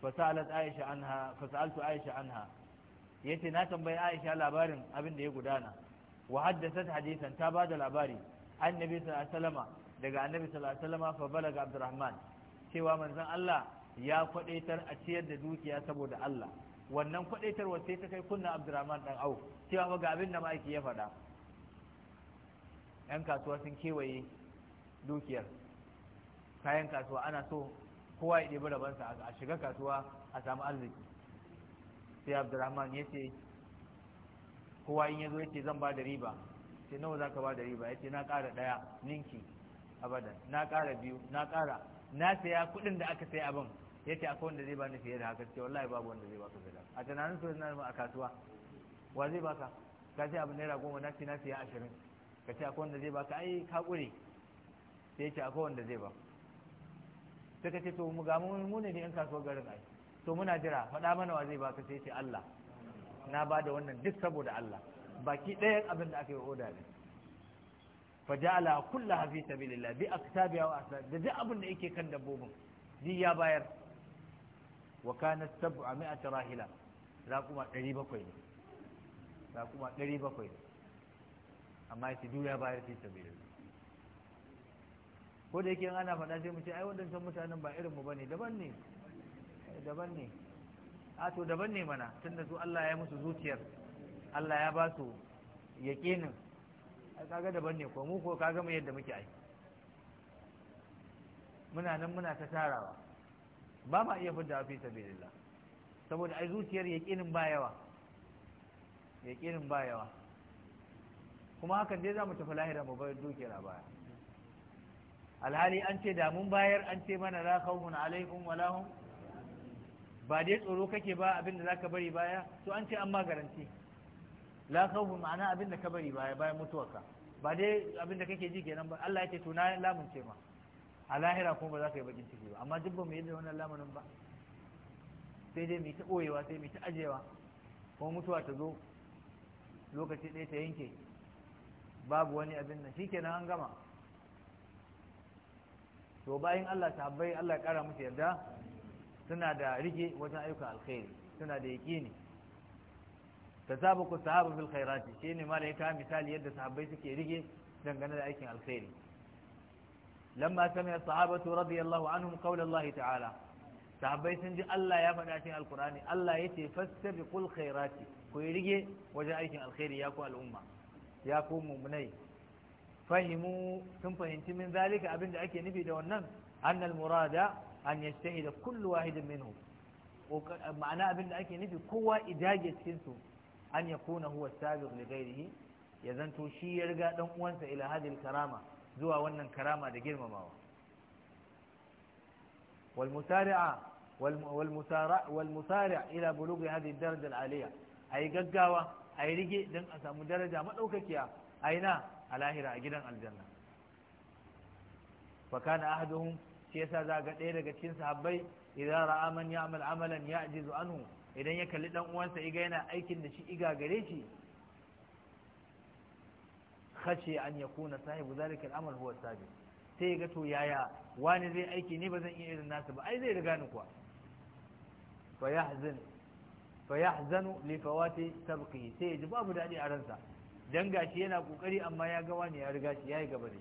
fasalat aisha anha fasaltu aisha anha yace na tambayi aisha labarin abin da ya gudana wa haddathat hadisan ta bada labari annabi sallallahu alaihi daga annabi sallallahu alaihi wasallama fa balaga abdurrahman cewa manzon Allah ya kwadaitar a ciyar da dukiya saboda Allah wannan kwadaitarwa sai ta kai kunna abdurrahman dan au cewa ba ga abin da ma'aiki ya faɗa yan kasuwa sun kewaye dukiyar kayan kasuwa ana so kowa ya ɗebi rabansa a shiga kasuwa a samu arziki sai abdurrahman ya ce kowa in ya zo ya zan ba da riba sai nawa za ka ba da riba ya ce na ƙara ɗaya ninki abadan na ƙara biyu na ƙara na saya kuɗin da aka sai abin ya ce akwai wanda zai bani fiye da haka cewa wallahi babu wanda zai baka fiye da a tunanin su na a kasuwa wa zai baka ka ce abu naira goma na ce na fiye ashirin ka ce akwai wanda zai baka ai ka ƙure sai ya ce akwai wanda zai baka sai ka ce to mu ga mu ne in kasuwar garin ai to muna jira faɗa mana wa zai baka sai ce Allah na ba da wannan duk saboda Allah baki ɗayan abin da aka yi oda ne fa ala kullu hafi sabilillah bi aktabiha wa asad da duk abin da yake kan dabbobin duk ya bayar wa kana sab'a mi'at rahila raquma 700 ne raquma 700 ne amma shi duya bayar fi sabilillah ko da yake ana faɗa sai mu ce ai san mutanen ba irin mu bane daban ne eh, daban ne a to daban ne mana tunda su Allah ya musu zuciyar Allah ya ba su yaqinin ai kaga daban ne ko mu ko kaga mu yadda muke ai muna nan muna ta tarawa ba ma iya fidda fi sabilillah saboda ai zuciyar yaqinin ba yawa yaqinin ba yawa kuma hakan dai zamu tafi lahira mu bar dukiyar a baya alhali an ce da mun bayar an ce mana la khawfun alaikum wa lahum ba dai tsoro kake ba abinda zaka bari baya to an ce an ma garanti la khawfun ma'ana abinda ka bari baya bayan mutuwarka ba dai abinda kake ji kenan ba Allah yake ce to na lamunce ma a lahira kuma ba za ka yi bakin ciki ba amma duk ba mu yadda wannan lamarin ba sai dai mu ta ɓoyewa sai mu ta ajewa kuma mutuwa ta zo lokaci ɗaya ta yanke babu wani abin nan shikenan an gama to bayan Allah sahabbai Allah ya kara musu yarda suna da rike wajen ayyukan alkhairi suna da yaqini ku sahabu fil khairati shine malaika misali yadda sahabbai suke rike dangane da aikin alkhairi lamma sami'a sahabatu radiyallahu anhum qawl Allah ta'ala Sahabai sun ji Allah ya faɗa cikin alkurani Allah yace fastabiqul khairati ku rige wajen aikin alkhairi ya ku al'umma ya ku mu'minai fahimu sun fahimci min zalika abin da ake nufi da wannan annal murada an yajtahida kullu wahidin minhu ma'ana abin da ake nufi kowa idage cikin su an kuna huwa sabiq li gairihi. ya zanto shi ya riga dan uwansa ila hadil karama zuwa wannan karama da girmamawa Walmusari'a ila bulughi hadhihi daraja al aliya ai gaggawa ayi rige dan a samu daraja madaukakiya aina a lahira a gidan aljanna fa kana ahaduhum shi yasa za ga ɗaya daga cikin sahabbai idan ra'a man ya'mal amalan ya'jizu anhu idan ya kalli dan uwansa iga yana aikin da shi iga gare shi kace an yakuna sahibu zalikal amal huwa sabi sai ga to yaya wani zai aiki ne ba zan iya irin nasu ba ai zai riga ni kuwa fa yahzan fa yahzanu li fawati tabqi sai ya ji babu dadi a ransa dan gashi yana kokari amma ya ga wani ya riga shi yayi gaba ne.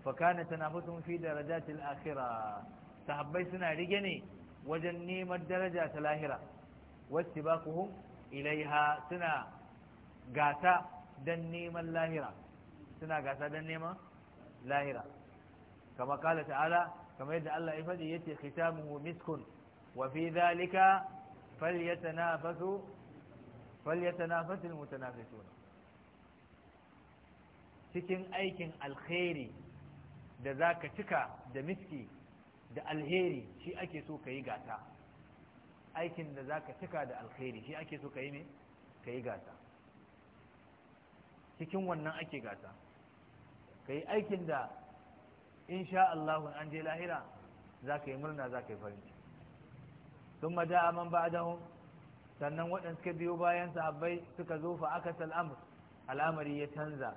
Fakana fa kana tanafusun fi darajatil akhirah sahabbai suna rige ne wajen neman daraja ta lahira wasu ba ilaiha suna gata don neman lahira suna gasa don neman lahira kama kala ta'ala kama yadda Allah ya faɗi yace khitamuhu miskun wa fi dhalika falyatanafasu falyatanafasu almutanafisun cikin aikin alkhairi da zaka cika da miski da alheri shi ake so ka yi aikin da zaka cika da alheri shi ake so ka yi ne ka yi cikin wannan ake gasa. ka yi aikin da in sha Allah an je lahira za ka yi murna za ka yi farin ciki sun da aman hun sannan waɗanda suka biyo bayan sahabbai suka zo fa aka al'amr al'amari ya canza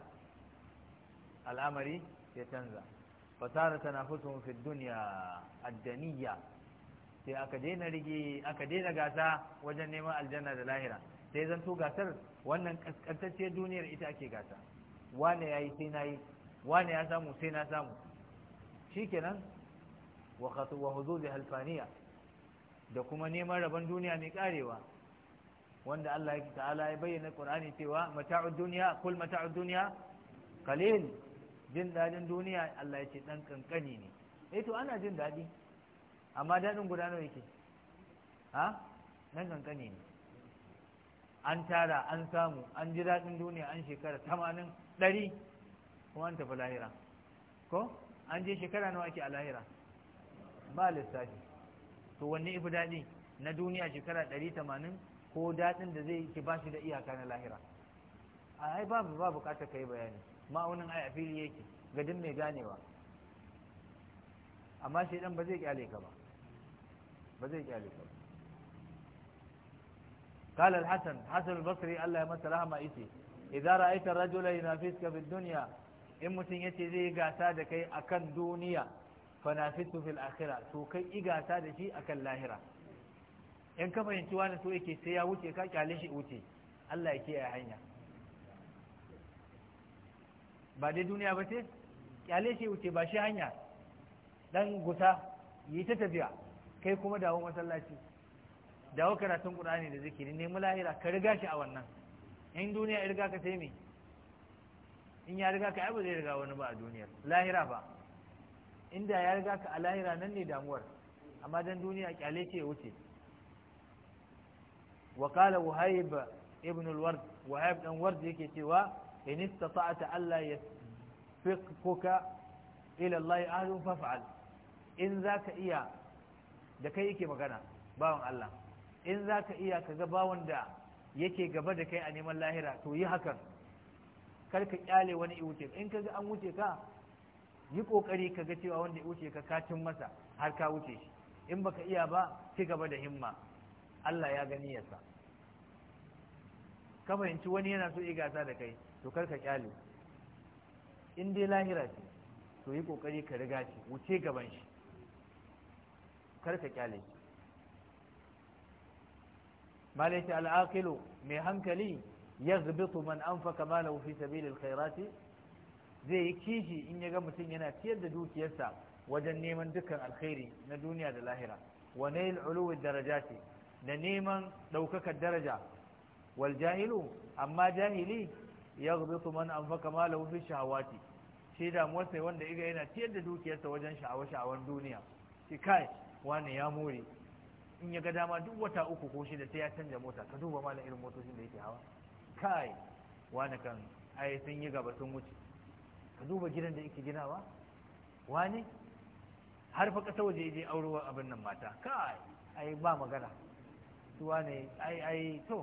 al'amari ya canza fasara tanafusuhum fi dunya sai aka daina rige aka daina gasa wajen neman aljanna da lahira sai zan to gasar wannan kaskantacce duniyar ita ake gasa wane yi sai na yi. wani ya samu sai na samu kenan wa khatu wa halfaniya da kuma neman rabon duniya mai karewa wanda Allah ta'ala ya bayyana Qur'ani cewa mata'ud duniya kul mata'ud duniya qalil jin dadin duniya Allah ya ce dan kankani ne eh to ana jin dadi amma dadin guda nawa yake ha dan kankani ne an tara an samu an ji daɗin duniya an shekara 80 kuma an tafi lahira ko an je shekara nawa ake a lahira ba lissafi to wanne ifi daɗi na duniya shekara ɗari tamanin ko daɗin da zai ke ba shi da iyaka na lahira A ai babu ba bukatar yi bayani ma'aunin ai a fili yake gadin mai ganewa amma shi dan ba zai kyale ka ba ba zai kyale ka ba قال الحسن حسن البصري الله يمسى رحمه إيتي إذا رأيت الرجل ينافسك في الدنيا in mutum ya ce zai gasa da kai a kan duniya fanafitu fil akhira to kai i gasa da shi akan lahira in ka fahimci wani so yake sai ya wuce ka kyale shi wuce Allah ya kiyaye hanya ba dai duniya ba ce kyale shi wuce ba shi hanya dan gusa yi ta tafiya kai kuma dawo masallaci dawo karatun qur'ani da zikiri nemi lahira ka riga shi a wannan in duniya ya riga ka sai me in ya riga ka ba zai riga wani ba a duniyar lahira ba inda ya riga ka a lahira nan ne damuwar amma dan duniya kyale ce wuce wa qala wahayb ibn al-ward wahayb dan ward yake cewa in istata'ta alla yasfiqka ila Allah ahlu faf'al in zaka iya da kai yake magana bawan Allah in zaka iya kaga bawon da yake gaba da kai a neman lahira to yi hakan kar ka kyale wani ya wuce in kaga an wuce ka yi kokari ka ga cewa wanda ya wuce ka katin masa har ka wuce shi in baka iya ba ci gaba da himma Allah ya gani sa, ka fahimci wani yana so ya gasa da kai to kar ka kyale in dai lahira ce to yi kokari ka riga shi wuce gaban shi kar ka kyale shi al al'aqilu mai hankali yaghbitu man anfaka malahu fi sabilil khairati zai yi kishi in ya ga mutum yana ciyar da dukiyarsa wajen neman dukkan alkhairi na duniya da lahira wa nail uluwi darajati da neman daukakar daraja wal jahilu amma jahili ya man anfaka malahu fi shahawati shi da sai wanda iga yana ciyar da dukiyarsa wajen sha'awa sha'awan duniya shi kai wani ya more in ya ga dama duk wata uku ko shida sai ya canja mota ka duba malam irin motocin da yake hawa kai wani kan ai sun yi gaba sun wuce ka duba gidan da yake ginawa wani har fa kasa waje je aurowa abin nan mata kai ai ba magana su wani ai ai to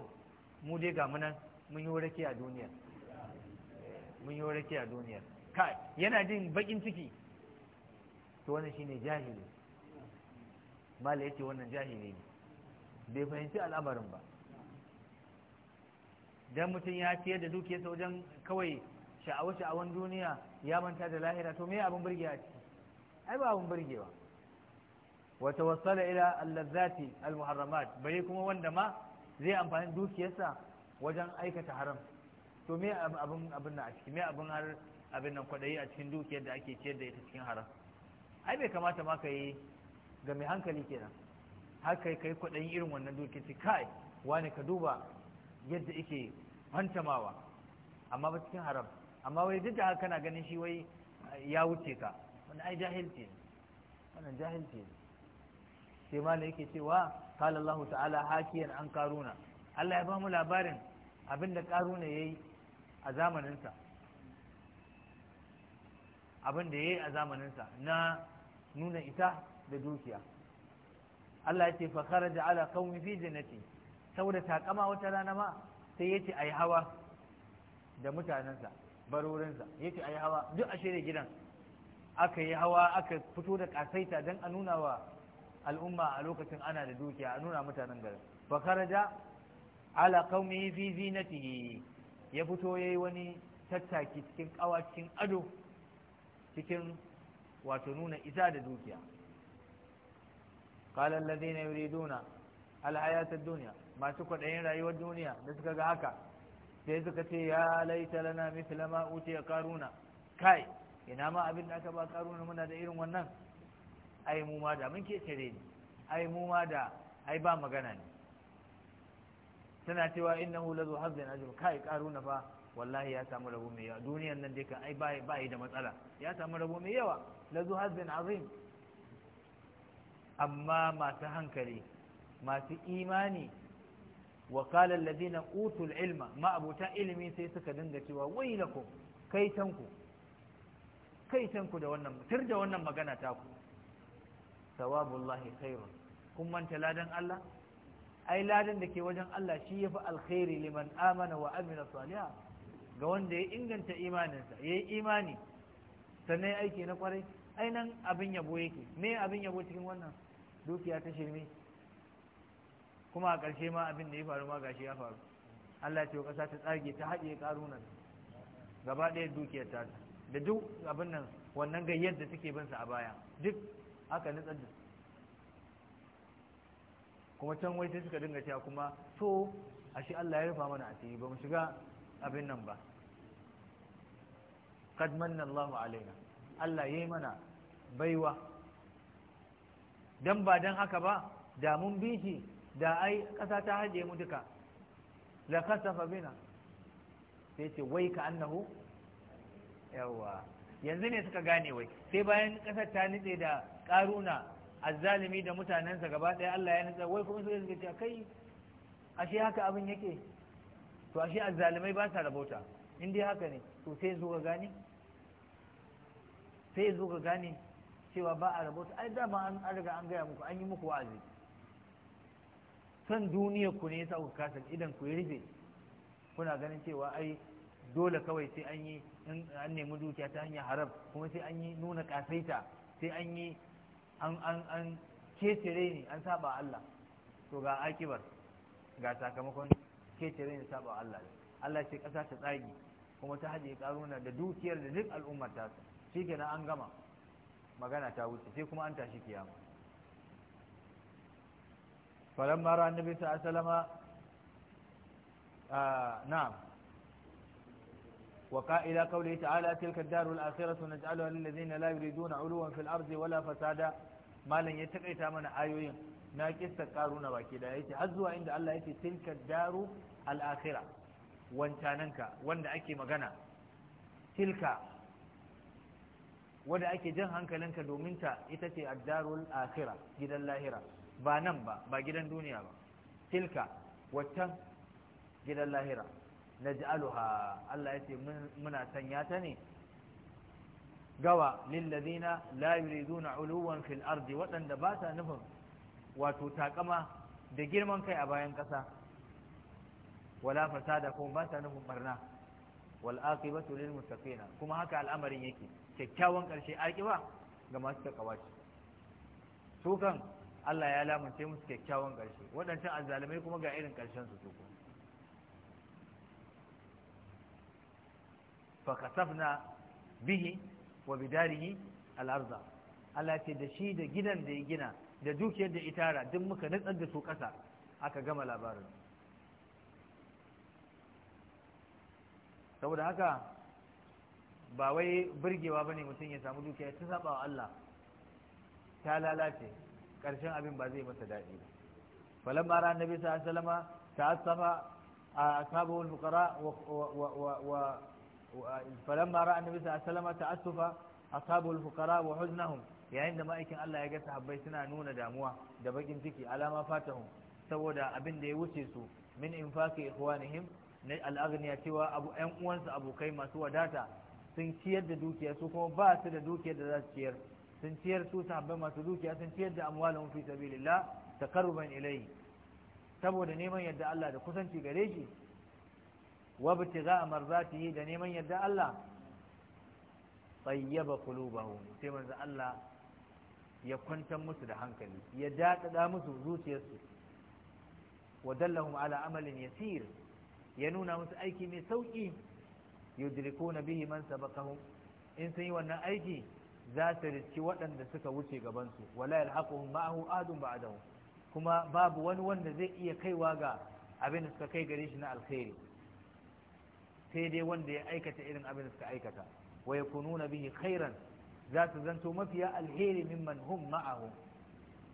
mu dai ga munan mun yi wuri a duniyar mun yi wuri a duniyar kai yana jin bakin ciki to wannan shine jahili mala yace wannan jahili ne bai fahimci al'amarin ba dan mutum ya ciyar da dukiyarsa wajen kawai sha'awa sha'awan duniya ya manta da lahira to me abin burgewa ciki ai ba abin burgewa wa tawassala ila allazati almuharramat bai kuma wanda ma zai amfani dukiyarsa wajen aikata haram to me abin abin nan a ciki me abin har abin nan kwadayi a cikin dukiyar da ake ciyar da ita cikin haram ai bai kamata ma ka yi ga mai hankali kenan har kai kai kwadayin irin wannan dukiyar kai wani ka duba yadda ike hantamawa amma ba cikin haram amma wai duk da haka na ganin shi wai ya wuce ka wani ai jahilci ne wannan jahilci ne sai ma yake cewa qala Allah ta'ala hakiyan an karuna Allah ya ba mu labarin abinda karuna yayi a zamanin sa abin da yayi a zamanin sa na nuna ita da dukiya Allah ya ce fa kharaja ala qaumi fi jannati saboda takama wata rana ma sai yace ayi hawa da mutanensa barorinsa yace ayi hawa duk a shirya gidan aka yi hawa aka fito da kasaita don a nuna wa al'umma a lokacin ana da dukiya a nuna mutanen garin fa kharaja ala qaumihi fi zinatihi ya fito yayi wani tattaki cikin kawacin ado cikin wato nuna isa da dukiya qala alladhina yuriduna alhayata ad-dunya masu kwaɗayin rayuwar duniya da suka ga haka sai suka ce ya laita lana mithla ma ya karuna kai ina ma abin da aka ba karuna muna da irin wannan ai mu ma da mun ke tare ne ai mu ma da ai ba magana ne tana cewa innahu lazu hazzin ajr kai karuna fa wallahi ya samu rabo mai yawa duniyan nan dai kan ai bai bai da matsala ya samu rabo mai yawa lazu hazzin azim amma masu hankali masu imani wakalar qala alladhina utul ilma ma ilimi sai suka dinga cewa wailakum kai tanku kai da wannan da wannan magana ta ku sawabullahi khairun kun manta ladan Allah ai ladan da ke wajen Allah shi yafi alkhairi liman amana wa amila salihan ga wanda ya inganta imaninsa yayi imani sannan aiki na kwarai ainihin abin yabo yake me abin yabo cikin wannan dukiya ta shirme kuma a ƙarshe ma abin da ya faru ma gashi ya faru Allah ce ƙasa ta tsage ta haɗe ƙarunan gaba ɗaya dukiyar ta da duk abin nan wannan gayyar da take sa a baya duk aka nutsar da kuma can wai sai suka dinga cewa kuma to ashe Allah ya rufa mana asiri ba mu shiga abin nan ba kad manna Allahu alaina Allah yayi mana baiwa dan ba dan haka ba da mun bi shi da ai ƙasa ta haje mu duka la kasafa bina sai ce wai ka annahu yawa yanzu ne suka gane wai sai bayan ƙasar ta nitse da ƙaruna azzalimi da mutanensa gaba ɗaya Allah ya nitsa wai kuma sai suka ce kai ashe haka abin yake to ashe azzalimai ba sa rabota in dai haka ne to sai zo ka gane sai zo ka gane cewa ba a rabota ai dama an riga an gaya muku an yi muku wa'azi san duniya ku ne yasa ku kasa idan ku rufe kuna ganin cewa ai dole kawai sai an yi an nemi dukiya ta hanyar haram kuma sai an yi nuna kasaita sai an yi an kecere ne an saba Allah to ga akibar ga sakamakon kecere ne saba Allah Allah ce kasa ta tsagi kuma ta haɗe karuna da dukiyar da duk al'ummar ta shikenan an gama magana ta wuce sai kuma an tashi kiyama falamma ra annabi sallallahu alaihi wasallam na'am وقع إلى قوله تعالى تلك الدار الآخرة نجعلها للذين لا يريدون علوا في الأرض ولا فسادا ما لن يتقيت من آيوين ناكس قارون وكذا يتي حزوا عند الله يتي تلك الدار الآخرة وانتاننك وان أكي مغنى تلك وان أكي جنهنك لنك دومنت يتتي الدار الآخرة جدا اللاهرة ba nan ba ba gidan duniya ba tilka waccan gidan lahira Na naj'aluha Allah ce muna sanya ta ne gawa lillazina la yuriduna uluwan fil ardi waɗanda ba ta nufin wato takama da girman kai a bayan ƙasa. wala fasada kuma ba ta nufin barna wal aqibatu lil muttaqina kuma haka al'amarin yake kyakkyawan ƙarshe aqiba ga masu takawaci su kan Allah ya lamunce musu kyakkyawan ƙarshe waɗancan azzalumai kuma ga irin ƙarshen su su ku. fa kasafna bihi wa bidarihi al Allah ce da shi da gidan da ya gina da dukiyar da itara duk muka nutsar da su ƙasa aka gama labarin saboda haka ba wai burgewa bane mutum ya samu dukiya ta saba wa Allah ta lalace ƙarshen abin ba zai masa daɗi ba falan mara annabi sa Salama ta ta'assafa a al fukara wa falamma ta'assufa ashabu al wa huznahum yayin da ma'aikin Allah ya ga sahabbai suna nuna damuwa da bakin ciki alama fatahum saboda abin da ya wuce su min infaqi ikhwanihim na al'agniya cewa abu ƴan uwansu abokai masu wadata sun ciyar da dukiya su kuma ba su da dukiyar da za su ciyar sun ciyar su sahabbai masu dukiya sun ciyar da amwalan fi sabilillah taqarruban ilayhi saboda neman yadda Allah da kusanci gare shi wa bitiga marzatihi da neman yadda Allah tayyaba qulubahum sai manzo Allah ya kwantar musu da hankali ya dadada musu zuciyarsu wa dallahum ala amalin yasir ya nuna musu aiki mai sauki yudrikuna bihi man sabaqahum in sun yi wannan aiki za su rici waɗanda suka wuce gabansu wala yalhaquhum ma'ahu adun ba'dahu kuma babu wani wanda zai iya kaiwa ga abin da suka kai gare shi na alkhairi sai dai wanda ya aikata irin abin da suka aikata wa yakununa bihi khairan za su zanto mafiya alheri mimman hum ma'ahu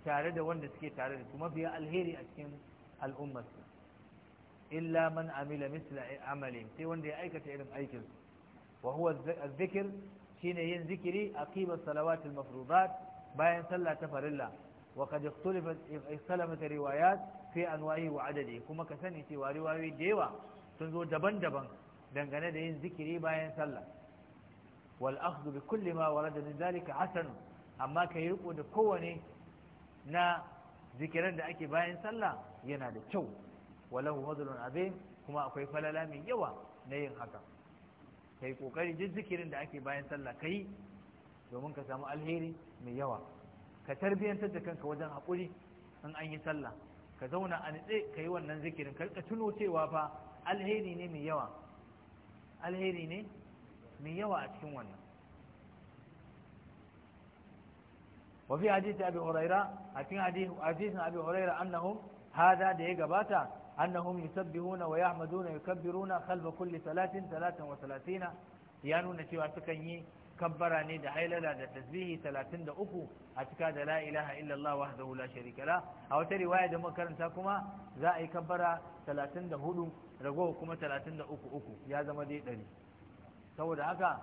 tare da wanda suke tare da su mafiya alheri a cikin al'ummarsu illa man amila misla amali sai wanda ya aikata irin aikinsu wa huwa zikir shine yin zikiri aqima salawatul mafruḍat bayan sallah ta farilla wa qad ikhtalafat ikhtalamat riwayat fi anwa'i wa adadi kuma ka sani cewa riwayoyi da yawa sun zo daban-daban dangane da yin zikiri bayan sallah wal akhdhu bi kulli ma warada min dhalika hasan amma kai riko da kowane na zikiran da ake bayan sallah yana da kyau walahu fadlun azim kuma akwai falala mai yawa na yin haka kai kokari duk zikirin da ake bayan sallah kai domin ka samu alheri mai yawa ka tarbiyantar da kanka wajen hakuri in an yi sallah ka zauna a nitse ka yi wannan zikirin ka tuno cewa fa alheri ne mai yawa alheri ne mai yawa a cikin wannan وفي huraira a cikin أكين abin huraira Annahu Hada da ya gabata. annahum yusabbihuna wa yahmaduna yukabbiruna khalfa kulli salatin salatan wa salatina ya nuna cewa sukan yi kabbara ne da hailala da tasbihi 33 a cika da la ilaha illallah wahdahu la sharika a wata riwaya da makaranta kuma za a yi kabbara 34 ragowa kuma 33 uku ya zama dai ɗari saboda haka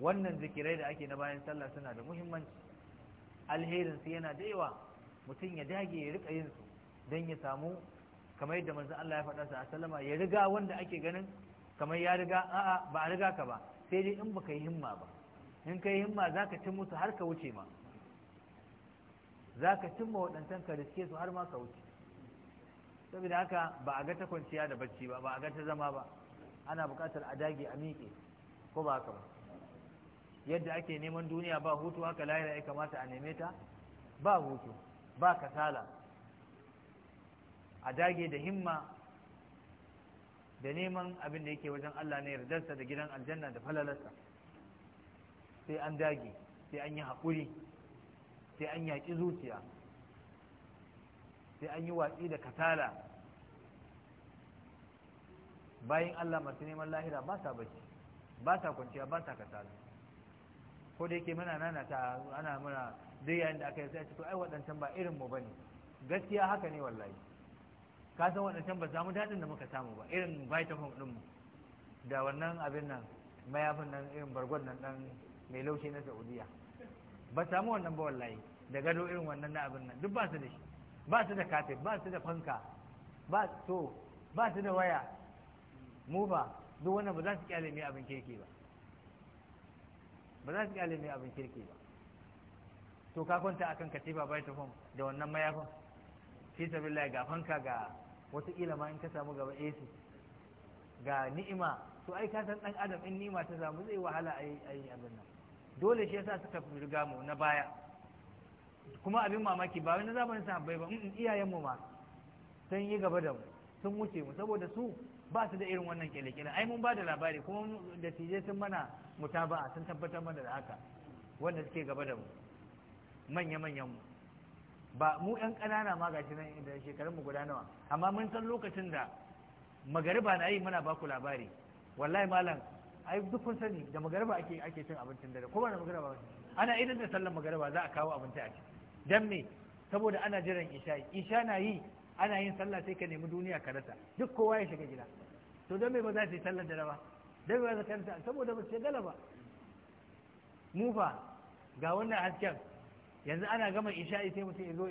wannan zikirai da ake na bayan sallah suna da muhimmanci alherin yana da yawa mutum ya dage ya rika yin su don ya samu kamar yadda manzon Allah ya faɗa sa sallama ya riga wanda ake ganin kamar ya riga a'a ba a riga ka ba sai dai in baka yi himma ba in ka himma zaka cin musu har ka wuce ma zaka cin cimma waɗancan ka riske su har ma ka wuce saboda haka ba a ga ta kwanciya da bacci ba ba a ga ta zama ba ana buƙatar a dage a miƙe ko ba haka ba yadda ake neman duniya ba hutu haka lahira ya kamata a neme ta ba hutu ba kasala a dage da himma da neman abin da yake wajen Allah na yardarsa da gidan aljanna da falalarsa sai an dage sai an yi haƙuri sai an yaƙi zuciya sai an yi watsi da katala bayan Allah masu neman lahira ba sa bacci ba sa kwanciya ba sa katala ko da yake mana nana ta ana muna duk yayin da aka yi sai a ce to ai waɗancan ba irin mu bane gaskiya haka ne wallahi ka san waɗancan ba samu daɗin da muka samu ba irin vitamin ɗin da wannan abin nan mayafin nan irin bargon nan ɗan mai laushi na saudiya ba samu wannan ba wallahi da gado irin wannan na abin nan duk ba su da shi ba su da katif ba su da fanka ba to ba su da waya mu ba duk wannan ba za su kyale mai abin kirki ba ba za su kyale mai abin kirki ba to ka kwanta akan katifa bai da wannan mayafin fi sabilillah ga fanka ga wataƙila ma in ka samu gaba AC eh ga ni'ima to ai ka san ɗan adam in ni'ima ta samu zai wahala a ai abin nan dole shi yasa suka riga mu na baya kuma abin mamaki ba wani zamanin sahabbai ba iyayenmu ma sun yi gaba da mu sun wuce mu saboda su ba su da irin wannan kyalekyale ai mun ba da labari kuma da tije sun mana mutaba'a sun tabbatar mana da haka wanda suke gaba da mu manya-manyan mu ba mu yan ƙanana ma gashi nan da shekarun mu guda nawa amma mun san lokacin da magariba na yi muna ba ku labari wallahi malam ai duk kun sani da magariba ake ake cin abincin dare ko ba da magariba ana idan da sallar magariba za a kawo abinci a ci dan me saboda ana jiran isha isha na yi ana yin sallah sai ka nemi duniya ka rasa duk kowa ya shiga gida to don me ba za su yi sallar dare ba dan me ba za su karanta saboda ba su galaba mu fa ga wannan hasken yanzu ana gama isha'i sai mutum ya zo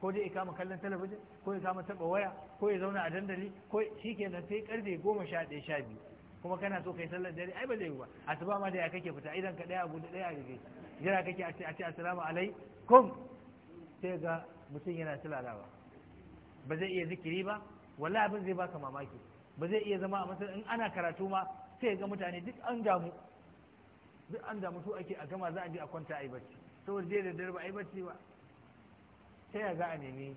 ko dai ikama kallon talabijin ko ya kama taba waya ko ya zauna a dandali ko nan sai karfe goma sha ɗaya sha biyu kuma kana so kai sallar dare ai ba zai yi ba asuba ma da ya kake fita idan ka ɗaya a ɗaya a gaje jira kake a ce a ce assalamu alaikum sai ga mutum yana tilalawa ba zai iya zikiri ba wala abin zai baka mamaki ba zai iya zama a masar in ana karatu ma sai ga mutane duk an damu duk an damu su ake a gama za a je a kwanta a yi bacci saboda jiya da dare ba a yi bacci ba ta ya za a nemi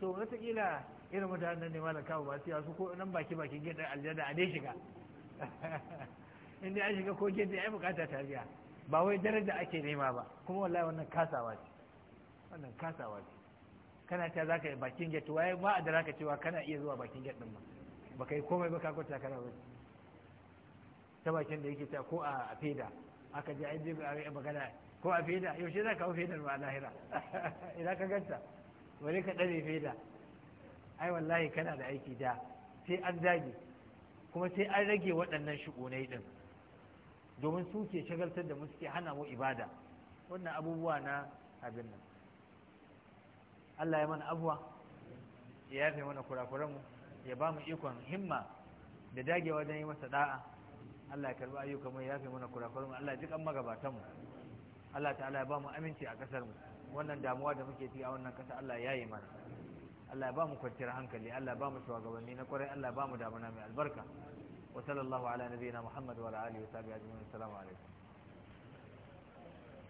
to wataƙila irin mutanen ne da kawo ba su yasu ko nan baki bakin gidan aljada a dai shiga (laughs) inda ya shiga ko gidan ya bukata tariya ba wai daraja ake nema ba kuma wallahi wannan kasawa ce wannan kasawa ce kana ta ka yi bakin gate waye ba a da ka cewa kana iya zuwa bakin gate din ba baka yi komai ba ka kwata kana ba ta bakin da yake ta ko a feda aka je ai magana ko a feda yaushe za ka hau fedar ba a lahira (laughs) idan ka ganta wani ka ɗane feda ai wallahi kana da aiki da sai an dage kuma sai an rage waɗannan shugunai ɗin domin su ke shagaltar da mu suke hana mu ibada wannan abubuwa na abin nan Allah ya mana abuwa ya yafe mana kurakuranmu ya ba mu ikon himma da dagewa don yi masa da'a Allah ya karbi ayyukan mu ya yafe mana kurakuranmu Allah ya ji kan magabatan mu Allah ta'ala ya ba mu aminci a kasar mu wannan damuwa da muke ciki a wannan kasa Allah ya yi mana Allah ya ba mu kwanciyar hankali Allah ya ba mu shugabanni na kwarai Allah ya ba mu damuna mai albarka wa sallallahu ala nabiyyina Muhammad wa ala alihi wa sahbihi ajma'in assalamu alaikum